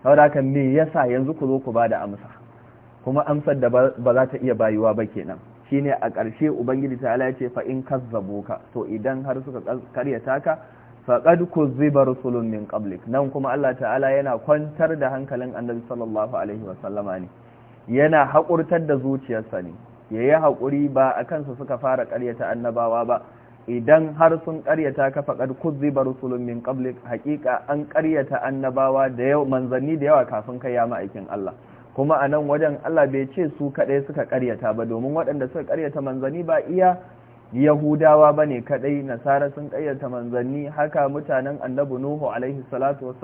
saboda haka me yasa yanzu ku zo ku bada amsa kuma amsar da ba za ta iya bayuwa ba kenan shine a ƙarshe ubangiji ta ala ce fa in to idan har suka karyata ka faqad ziba rusulun min ƙablik nan kuma Allah ta'ala yana kwantar da hankalin annabi sallallahu alaihi wasallama ne yana haƙurtar da zuciyarsa ne yi haƙuri ba a kansa suka fara ƙaryata annabawa ba idan har sun ƙaryata ka faqad ziba rusulun min ƙablik haƙiƙa an ƙaryata annabawa da yau manzanni da yawa kafin kai ya ma'aikin Allah kuma a nan wajen Allah bai ce su kaɗai suka karyata ba domin waɗanda suka karyata manzanni ba iya yahudawa ba ne kaɗai nasara sun ƙaryata manzanni haka mutanen annabi nuhu alaihi salatu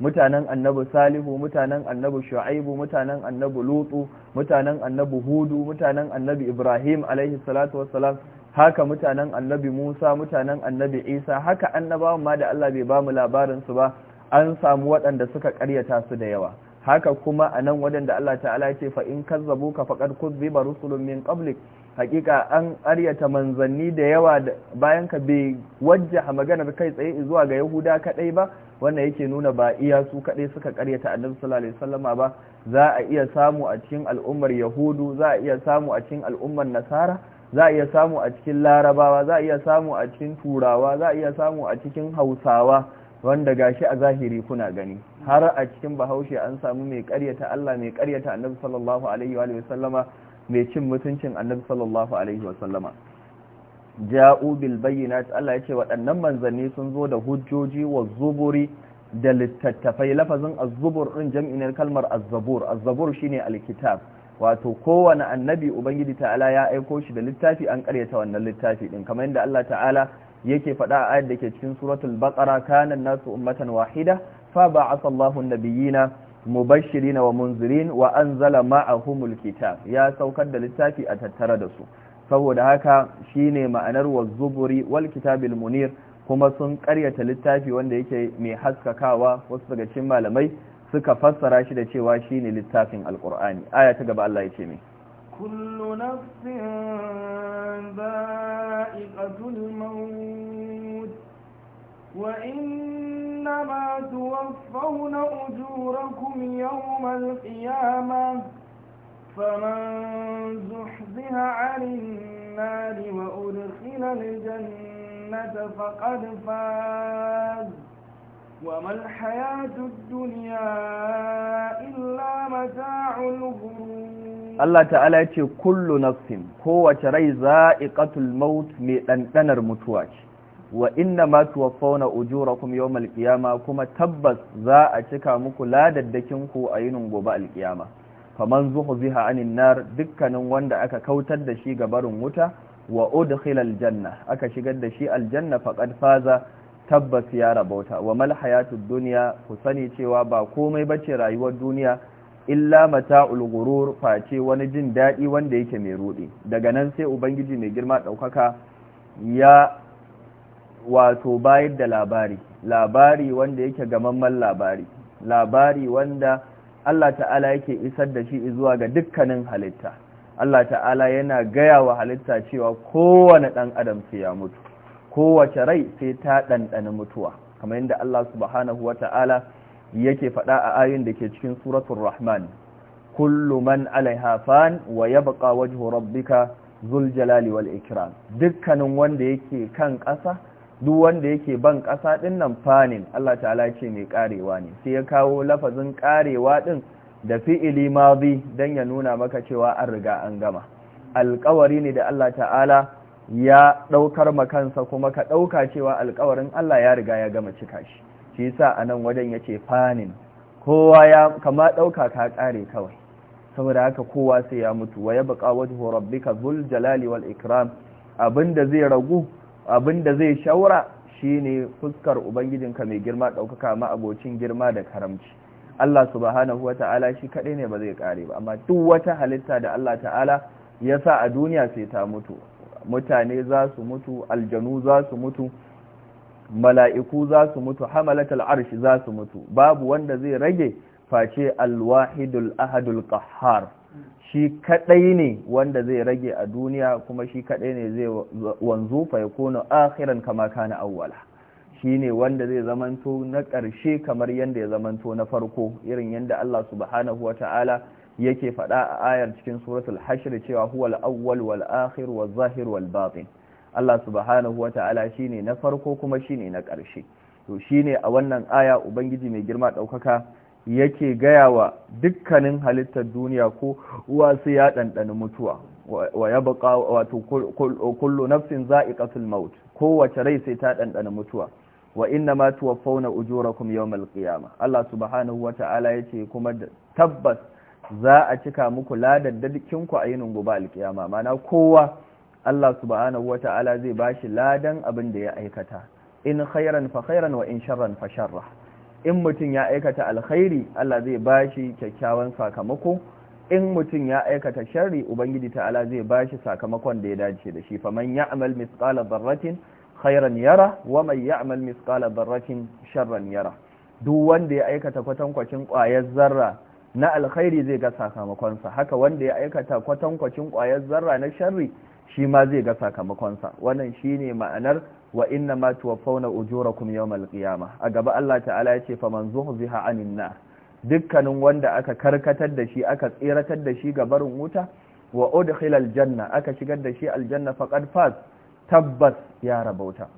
mutanen annabi salihu mutanen annabi shu'aibu mutanen annabi lutu mutanen annabi hudu mutanen annabi ibrahim alaihi salatu haka mutanen annabi musa mutanen annabi isa haka annabawan ma da Allah bai ba mu labarin ba an samu waɗanda suka karyata su da yawa haka kuma a nan wadanda Allah ta'ala ce fa in kazzabuka faqad kuzziba rusulun min qablik hakika an aryata manzanni da yawa bayan ka bai a maganar kai tsaye zuwa ga yahuda kadai ba wannan yake nuna ba iya su kadai suka karyata annabi sallallahu alaihi wasallama ba za a iya samu a cikin al'ummar yahudu za a iya samu a cikin al'ummar nasara za a iya samu a cikin larabawa za a iya samu a cikin turawa za a iya samu a cikin hausawa wanda gashi a zahiri kuna gani har a cikin bahaushe an samu mai karyata Allah mai karyata annabi sallallahu alaihi wa sallama mai cin mutuncin annabi sallallahu alaihi wa sallama ja'u bil bayyinat Allah yace waɗannan manzanni sun zo da hujjoji wa zuburi da littattafai lafazin az-zubur din jam'in kalmar az-zabur az-zabur shine al-kitab wato kowane annabi ubangiji ta'ala ya aiko shi da littafi an karyata wannan littafi din kamar yadda Allah ta'ala yake faɗa a ayar da ke cikin suratul baqara kana nasu ummatan wahida fa الله النبيين مبشرين ومنذرين wa munzirin wa anzala سوكر ya saukar da littafi a tattare da su saboda haka shine ma'anar wazzuburi wal kitabil munir kuma sun karyata littafi wanda yake mai haskakawa wasu daga cikin malamai suka fassara shi da cewa shine littafin alqur'ani aya ta gaba Allah ya ce mai kullu nafsin ba'iqatul maut wa in إنما توفون أجوركم يوم القيامة فمن زحزح عن النار وأدخل الجنة فقد فاز وما الحياة الدنيا إلا متاع الغرور الله تعالى ya كل kullu هو kowace rai الموت من mai ɗanɗanar wa inna ma tuwaffawna ujurakum yawmal qiyama kuma tabbas za a cika muku ladaddakin ku a yinin gobe alqiyama faman zuhziha anin nar dukkanin wanda aka kautar da shi ga barin wuta wa udkhilal janna aka shigar da shi aljanna faqad faza tabbas ya rabauta wa mal hayatud dunya ku sani cewa ba komai bace rayuwar duniya illa mata'ul ghurur face wani jin dadi wanda yake mai rudi daga nan sai ubangiji mai girma daukaka ya wato bayar da labari labari wanda yake gamamman labari labari wanda Allah ta'ala yake isar da shi zuwa ga dukkanin halitta Allah ta'ala yana gaya wa halitta cewa kowane ɗan adam sai ya mutu kowace rai sai ta ɗanɗana mutuwa kamar yadda Allah subhanahu wata'ala yake faɗa a ayin da ke cikin suratul rahman kullu man alaiha fan wa yabqa wajhu rabbika zuljalali jalali wal ikram dukkanin wanda yake kan ƙasa duk wanda yake ban ƙasa ɗin nan fanin Allah ta'ala ce mai ƙarewa ne sai ya kawo lafazin ƙarewa ɗin da fi'ili mazi don ya nuna maka cewa an riga an gama alƙawari ne da Allah ta'ala ya ɗaukar makansa kuma ka ɗauka cewa alƙawarin Allah ya riga ya gama cika shi shi sa a nan wajen ya ce fanin kowa ya kama ɗauka ka ƙare kawai saboda haka kowa sai ya mutu wa ya baƙa wajen rabbika zul jalali wal ikram abinda zai ragu da zai shaura shine fuskar ubangijinka mai girma ɗaukaka ma abocin girma da karamci Allah subhanahu wata'ala shi kaɗai ne ba zai ƙare ba amma duk wata halitta da Allah ta'ala ya sa a duniya sai ta mutu mutane za su mutu aljanu za su mutu mala'iku za su mutu hamalatul arshi za su mutu babu wanda zai rage face alwahidul ahadul qahhar shi kadai ne wanda zai rage a duniya kuma shi kadai ne zai wanzu fa yakunu akhiran kama kana awwala ne wanda zai zamanto na ƙarshe kamar yadda ya zamanto na farko irin yadda Allah subhanahu wata'ala yake faɗa a ayar cikin suratul hashr cewa huwal awwal wal akhir wal zahir wal batin Allah subhanahu wata'ala shine na farko kuma shine na ƙarshe to shine a wannan aya ubangiji mai girma daukaka yake gaya wa dukkanin halittar duniya ko uwa sai ya ɗanɗani mutuwa wa ya baƙa wato kullu nafsin za'iqatul maut kowace rai sai ta ɗanɗani mutuwa wa inna ma ujura ujurakum yau malƙiyama Allah subhanahu ya ce kuma da tabbas za a cika muku da ku a yinin gobe alƙiyama mana kowa Allah subhanahu ta'ala zai bashi ladan abin da ya aikata in khairan fa khairan wa in sharran fa sharra in mutum ya aikata alkhairi Allah zai ba shi kyakkyawan sakamako in mutum ya aikata sharri ubangiji ta'ala zai ba shi sakamakon da ya dace da shi faman ya'mal misqala dharratin khairan yara wa man ya'mal misqala dharratin sharran yara duk wanda ya aikata kwatankwacin ƙwayar zarra na alkhairi zai ga sakamakonsa haka wanda ya aikata kwatankwacin ƙwayar zarra na sharri shi ma zai ga sakamakonsa wannan shine ma'anar wa inna ma tuwaffawna ujurakum yawmal qiyamah a gaba Allah ta'ala yace faman zuhziha 'anil nar dukkanin wanda aka karkatar da shi aka tsiratar da shi ga barin wuta wa udkhila aljanna aka shigar da shi aljanna faqad fas tabbas ya rabauta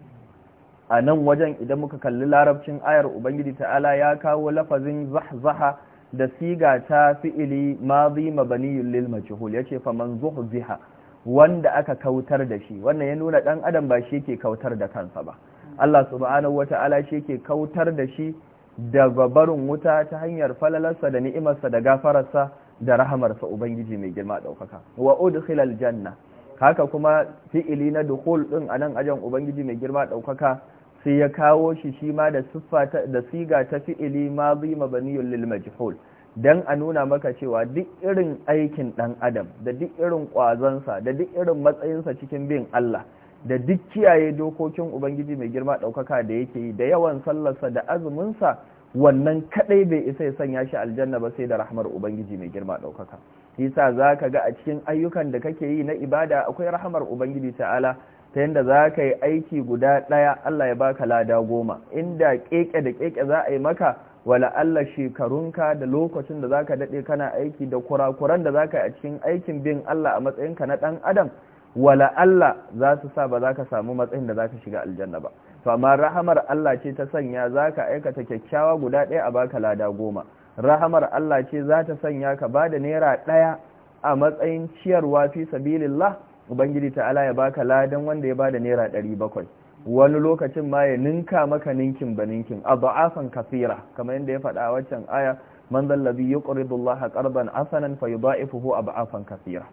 a nan wajen idan muka kalli larabcin ayar ubangiji ta'ala ya kawo lafazin zahzaha da siga ta fi'ili madhi mabani lil majhul yace faman zuhziha wanda aka kautar da shi wannan ya nuna ɗan adam ba shi yake kautar da kansa ba Allah subhanahu wata'ala shi yake kautar da shi daga barin wuta ta hanyar falalarsa da ni'imarsa da gafararsa da rahamarsa ubangiji mai girma daukaka wa udkhilal janna haka kuma fi'ili na dukhul din anan ajan ubangiji mai girma ɗaukaka sai ya kawo shi shi ma da siffa da siga ta fi'ili madi mabniyun lil majhul don a nuna maka cewa duk irin aikin ɗan adam da duk irin ƙwazonsa da duk irin matsayinsa cikin bin Allah da duk kiyaye dokokin ubangiji mai girma ɗaukaka da yake yi da yawan sallarsa da azuminsa wannan kaɗai bai isa ya sanya shi aljanna ba sai da rahmar ubangiji mai girma ɗaukaka yasa za ka ga a cikin ayyukan da kake yi na ibada akwai rahamar ubangiji ta'ala ta yadda za ka yi aiki guda ɗaya allah ya baka lada goma inda ƙeƙe da ƙeƙe za a yi maka wala Allah shekarunka da lokacin da zaka dade kana aiki da kurakuran da zaka a cikin aikin bin Allah a matsayin ka na dan adam wala Allah za su sa ba zaka samu matsayin da zaka shiga aljanna ba to amma rahamar Allah ce ta sanya zaka aikata kyakkyawa guda ɗaya a baka lada goma rahamar Allah ce za ta sanya ka ba da naira ɗaya a matsayin ciyarwa fi sabilillah ubangiji ta'ala ya baka ladan wanda ya bada naira ɗari bakwai wani lokacin ma ya ninka maka ninkin ba ninkin ba'afan kafira kamar yadda ya faɗa waccan aya man zallabi yuqridu Allah qardan hasanan a adafan kafira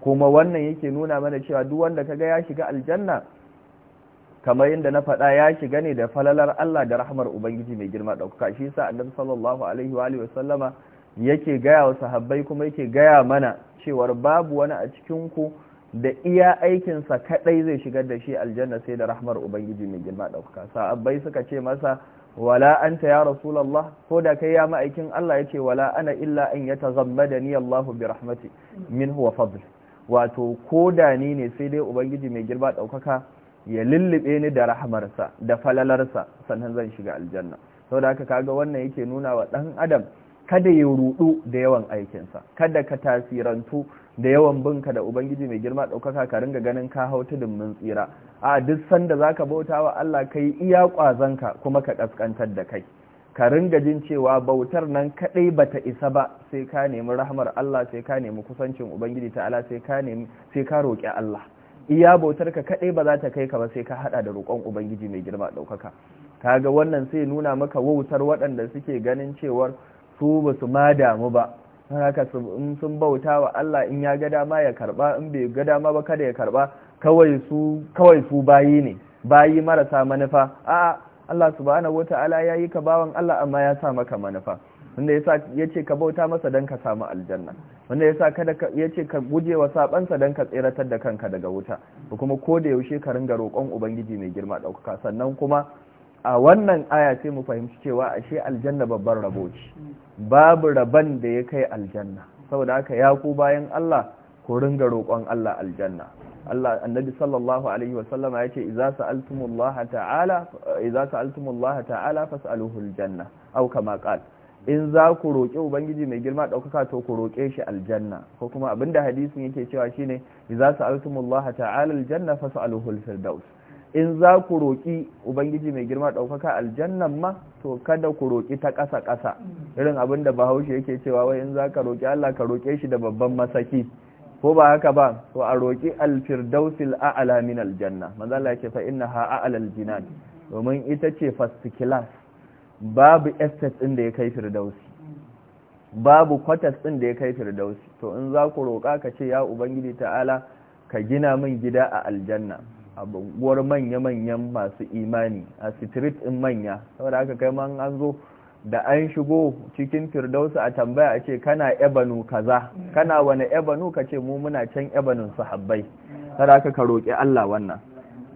kuma wannan yake nuna mana cewa duk wanda kaga ya shiga aljanna kamar yadda na faɗa ya shiga ne da falalar Allah da rahmar ubangiji mai girma ɗauka. shi yasa annabi sallallahu alaihi wa alihi wasallama yake gaya wa sahabbai kuma yake gaya mana cewar babu wani a cikin ku da iya aikinsa kadai zai shigar da shi aljanna sai da rahmar ubangiji mai girma ɗauka sa'abbai suka ce masa wala anta ya rasulullah ko da kai ya ma'aikin Allah yace wala ana illa an yatazammadani Allahu bi rahmati Min wa fadl wato ko da ni ne sai dai ubangiji mai girma ɗaukaka ya lullube ni da rahmarsa da falalarsa sannan zan shiga aljanna saboda haka kaga wannan yake nuna wa dan adam kada ya rudu da yawan aikinsa kada ka tasirantu da yawan binka da ubangiji mai girma ɗaukaka ka ringa ganin ka hau tudun mun tsira a duk sanda za ka bauta wa Allah ka yi iya kwazanka kuma ka ƙasƙantar da kai ka ringa jin cewa bautar nan kaɗai ba ta isa ba sai ka nemi rahmar Allah sai ka nemi kusancin ubangiji ta'ala sai ka nemi sai ka roƙi Allah iya bautar ka kaɗai ba za ta kai ka ba sai ka haɗa da roƙon ubangiji mai girma ɗaukaka ga wannan sai nuna maka wautar waɗanda suke ganin cewar su ba su ma damu ba haka sun bauta wa Allah in ya ga dama ya karba in bai ga dama ba kada ya karba kawai su bayi ne bayi marasa manufa a Allah subhanahu wataala yayi ka bawan Allah amma ya sa maka manufa wanda yasa yace ka bauta masa dan ka samu aljanna wanda yasa kada yace ka gujewa sabansa dan ka tseratar da kanka daga wuta kuma ko da yaushe ka ringa roƙon ubangiji mai girma ɗaukaka sannan kuma a wannan aya sai mu fahimci cewa ashe aljanna babban rabo ce babu raban da ya kai aljanna saboda haka ya ku bayan Allah ku ringa roƙon Allah aljanna Allah annabi sallallahu alaihi wasallama yace idza sa'altumullaha ta'ala idza sa'altumullaha ta'ala fas'aluhu aljanna aw kama qala in za ku roƙe ubangiji mai girma ɗaukaka to ku roƙe shi aljanna ko kuma abinda hadisin yake cewa shine idza sa'altumullaha ta'ala aljanna fas'aluhu alfirdaus in za ku roƙi ubangiji mai girma ɗaukaka aljannan ma to kada ku roƙi ta ƙasa-ƙasa irin abin da bahaushe yake cewa wai in za ka roƙi Allah ka roƙe shi da babban masaki ko ba haka ba to a roƙi alfirdausil a'ala min aljanna manzo Allah yake fa innaha a'ala aljinan domin ita ce first class babu estate din da ya kai firdausi babu quarters ɗin da ya kai firdausi to in za ku roƙa ka ce ya ubangiji ta'ala ka gina min gida a aljanna abubuwar manya-manyan masu imani a street in manya saboda aka kai man an zo da an shigo cikin firdausu a tambaya a ce kana ebanu kaza kana wani ebanu ka ce mu muna can ebanin sahabbai saboda haka ka roƙi Allah wannan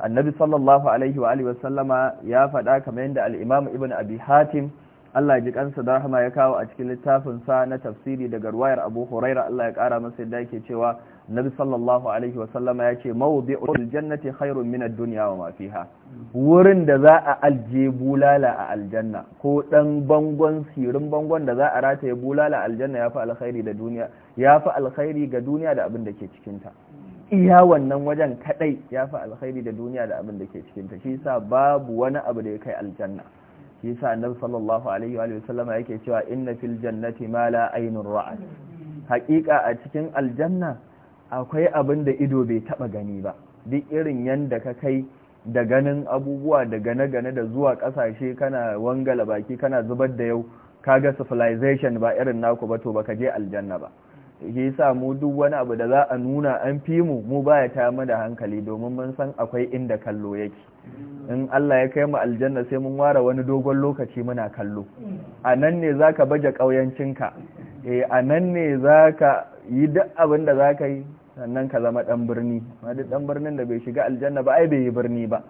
annabi sallallahu alaihi wa alihi wasallama ya faɗa kamar yadda al-imam ibn abi hatim Allah ji kansa da rahama ya kawo a cikin littafin sa na tafsiri daga ruwayar Abu Huraira Allah ya kara masa yadda yake cewa Nabi sallallahu alaihi wasallama ya ce mawdi'ul jannati khairun min ad-dunya wa ma fiha wurin da za a alje bulala a aljanna ko dan bangon sirin bangon da za a rataye bulala aljanna yafi alkhairi da duniya yafi alkhairi ga duniya da abin da ke cikin ta iya wannan wajen kadai yafi alkhairi da duniya da abin da ke cikin ta shi yasa babu wani abu da ya kai aljanna shi yasa annabi sallallahu alaihi wa sallama yake cewa inna fil jannati ma la aynu ra'at haƙiƙa a cikin aljanna akwai abin da ido bai taba gani ba duk irin yanda ka kai da ganin abubuwa da gane-gane da zuwa kasashe kana wangala baki kana zubar da yau kaga civilization ba irin naku ba to baka je aljanna ba shi yasa mu duk wani abu da za a nuna an fi mu mu baya ta mu da hankali domin mun san akwai inda kallo yake in Allah ya kai mu aljanna sai mun ware wani dogon lokaci muna kallo a nan ne zaka baje kauyancinka eh a nan ne zaka yi duk abin da zaka yi sannan ka zama dan birni ma duk dan birnin da bai shiga aljanna ba ai bai yi birni ba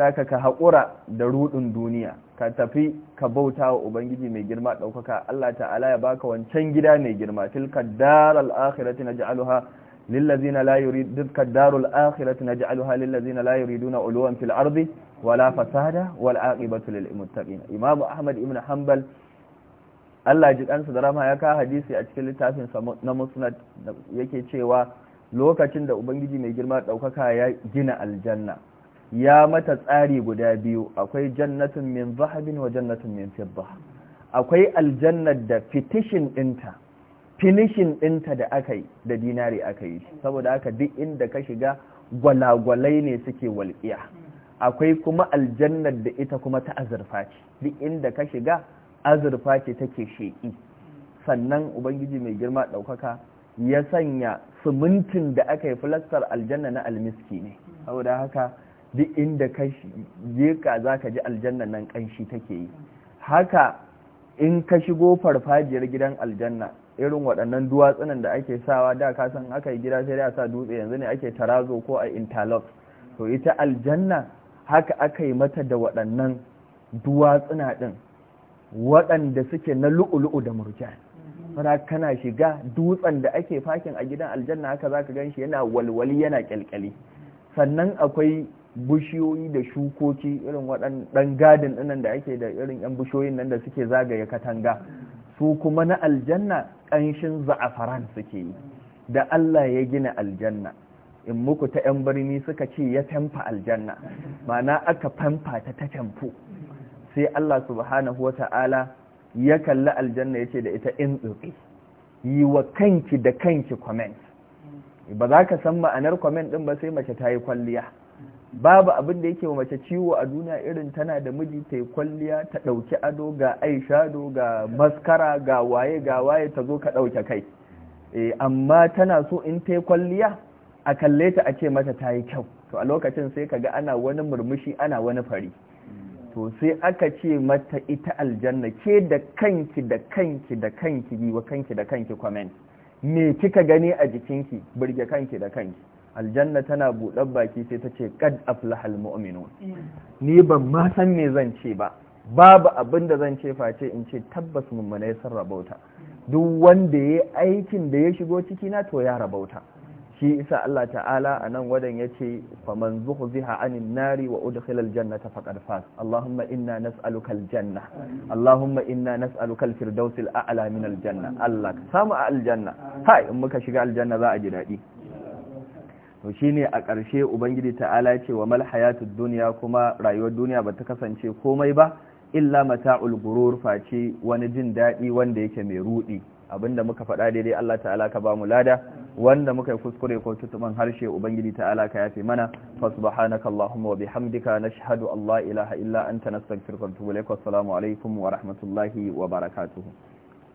haka ka haƙura da ruɗin duniya ka tafi ka bauta wa ubangiji mai girma ɗaukaka Allah ta'ala ya baka wancan gida mai girma tilka daral akhirati naj'aluha lillazina la yurid tilka darul akhirati naj'aluha lillazina la yuriduna uluwan fil ardi wala fasada wal aqibatu lil muttaqin imam ahmad ibn hanbal Allah ji kansa da rama ya ka hadisi a cikin littafin sa na musnad yake cewa lokacin da ubangiji mai girma ɗaukaka ya gina aljanna ya mata tsari guda biyu akwai jannatin min zahabin wa jannatin min fidda akwai aljannar da fitishin dinta, finishin dinta da aka yi da dinari aka yi saboda aka duk inda ka shiga gwalagwalai ne suke walƙiya akwai kuma aljannar da ita kuma ta azurfa ce duk inda ka shiga azurfa ce take sheƙi sannan ubangiji mai girma ɗaukaka ya sanya simintin da aka yi filastar aljanna na almiski ne saboda haka duk inda ka je za ka ji aljanna nan kanshi take yi haka in ka shigo farfajiyar gidan aljanna irin waɗannan duwatsunan da ake sawa da ka san aka yi gida sai da sa dutse yanzu ne ake tarazo ko a interlock to ita aljanna haka aka yi mata da waɗannan duwatsuna ɗin waɗanda suke na lu'ulu'u da murjan fara kana shiga dutsen da ake fakin a gidan aljanna haka za ka gan shi yana walwali yana kyalkyali sannan akwai bishiyoyi da shukoki irin waɗannan gadin ɗinnan da ake da irin 'yan bishiyoyin nan da suke zagaye katanga su kuma na aljanna ƙanshin za'afaran suke yi da Allah ya gina aljanna in muku ta 'yan birni suka ce ya tamfa aljanna ma'ana aka famfa ta ta sai Allah subhanahu wata'ala ya kalli aljanna ya ce da ita in tsotsi yi wa kanki da kanki comment ba za ka san ma'anar comment ɗin ba sai mace ta yi kwalliya babu abin da yake wa mace ciwo a duniya irin tana da miji ta yi kwalliya ta ɗauki ado ga aishado ga maskara ga waye ga waye ta zo ka ɗauke kai eh, amma tana so in ta yi kwalliya a kalle ta a ce mata ta yi kyau to a lokacin sai ka ga ana wani murmushi ana wani fari to sai aka ce mata ita aljanna ke da kanki da kanki da kanki yi kanki da kanki me kika gani a jikinki burge kanki da kanki aljanna tana buɗar baki sai ta ce kad aflahal muminu mm. ni ban ma san me zan ce ba babu abin da zan ce face in ce tabbas ya sun rabauta mm. duk wanda ya aikin da ya shigo ciki na to ya rabauta mm. shi isa Allah ta'ala a nan wadan ya ce man zuhziha anin nari wa udkhilal jannata faqad faz Allahumma inna nas'aluka aljanna Allahumma inna nas'aluka alfirdausil a'la min aljanna Allah ka samu aljanna hai in muka shiga aljanna za a ji dadi to shine a ƙarshe ubangiji ta'ala ce wa mal duniya kuma rayuwar duniya ba ta kasance komai ba illa mata'ul gurur face wani jin daɗi wanda yake mai rudi abinda muka faɗa daidai Allah ta'ala ka bamu lada wanda muka yi kuskure ko tutuman harshe ubangiji ta'ala ka yafe mana fa subhanaka allahumma wa bihamdika nashhadu an la ilaha illa anta nastaghfiruka wa natubu ilaik assalamu alaikum wa rahmatullahi wa barakatuh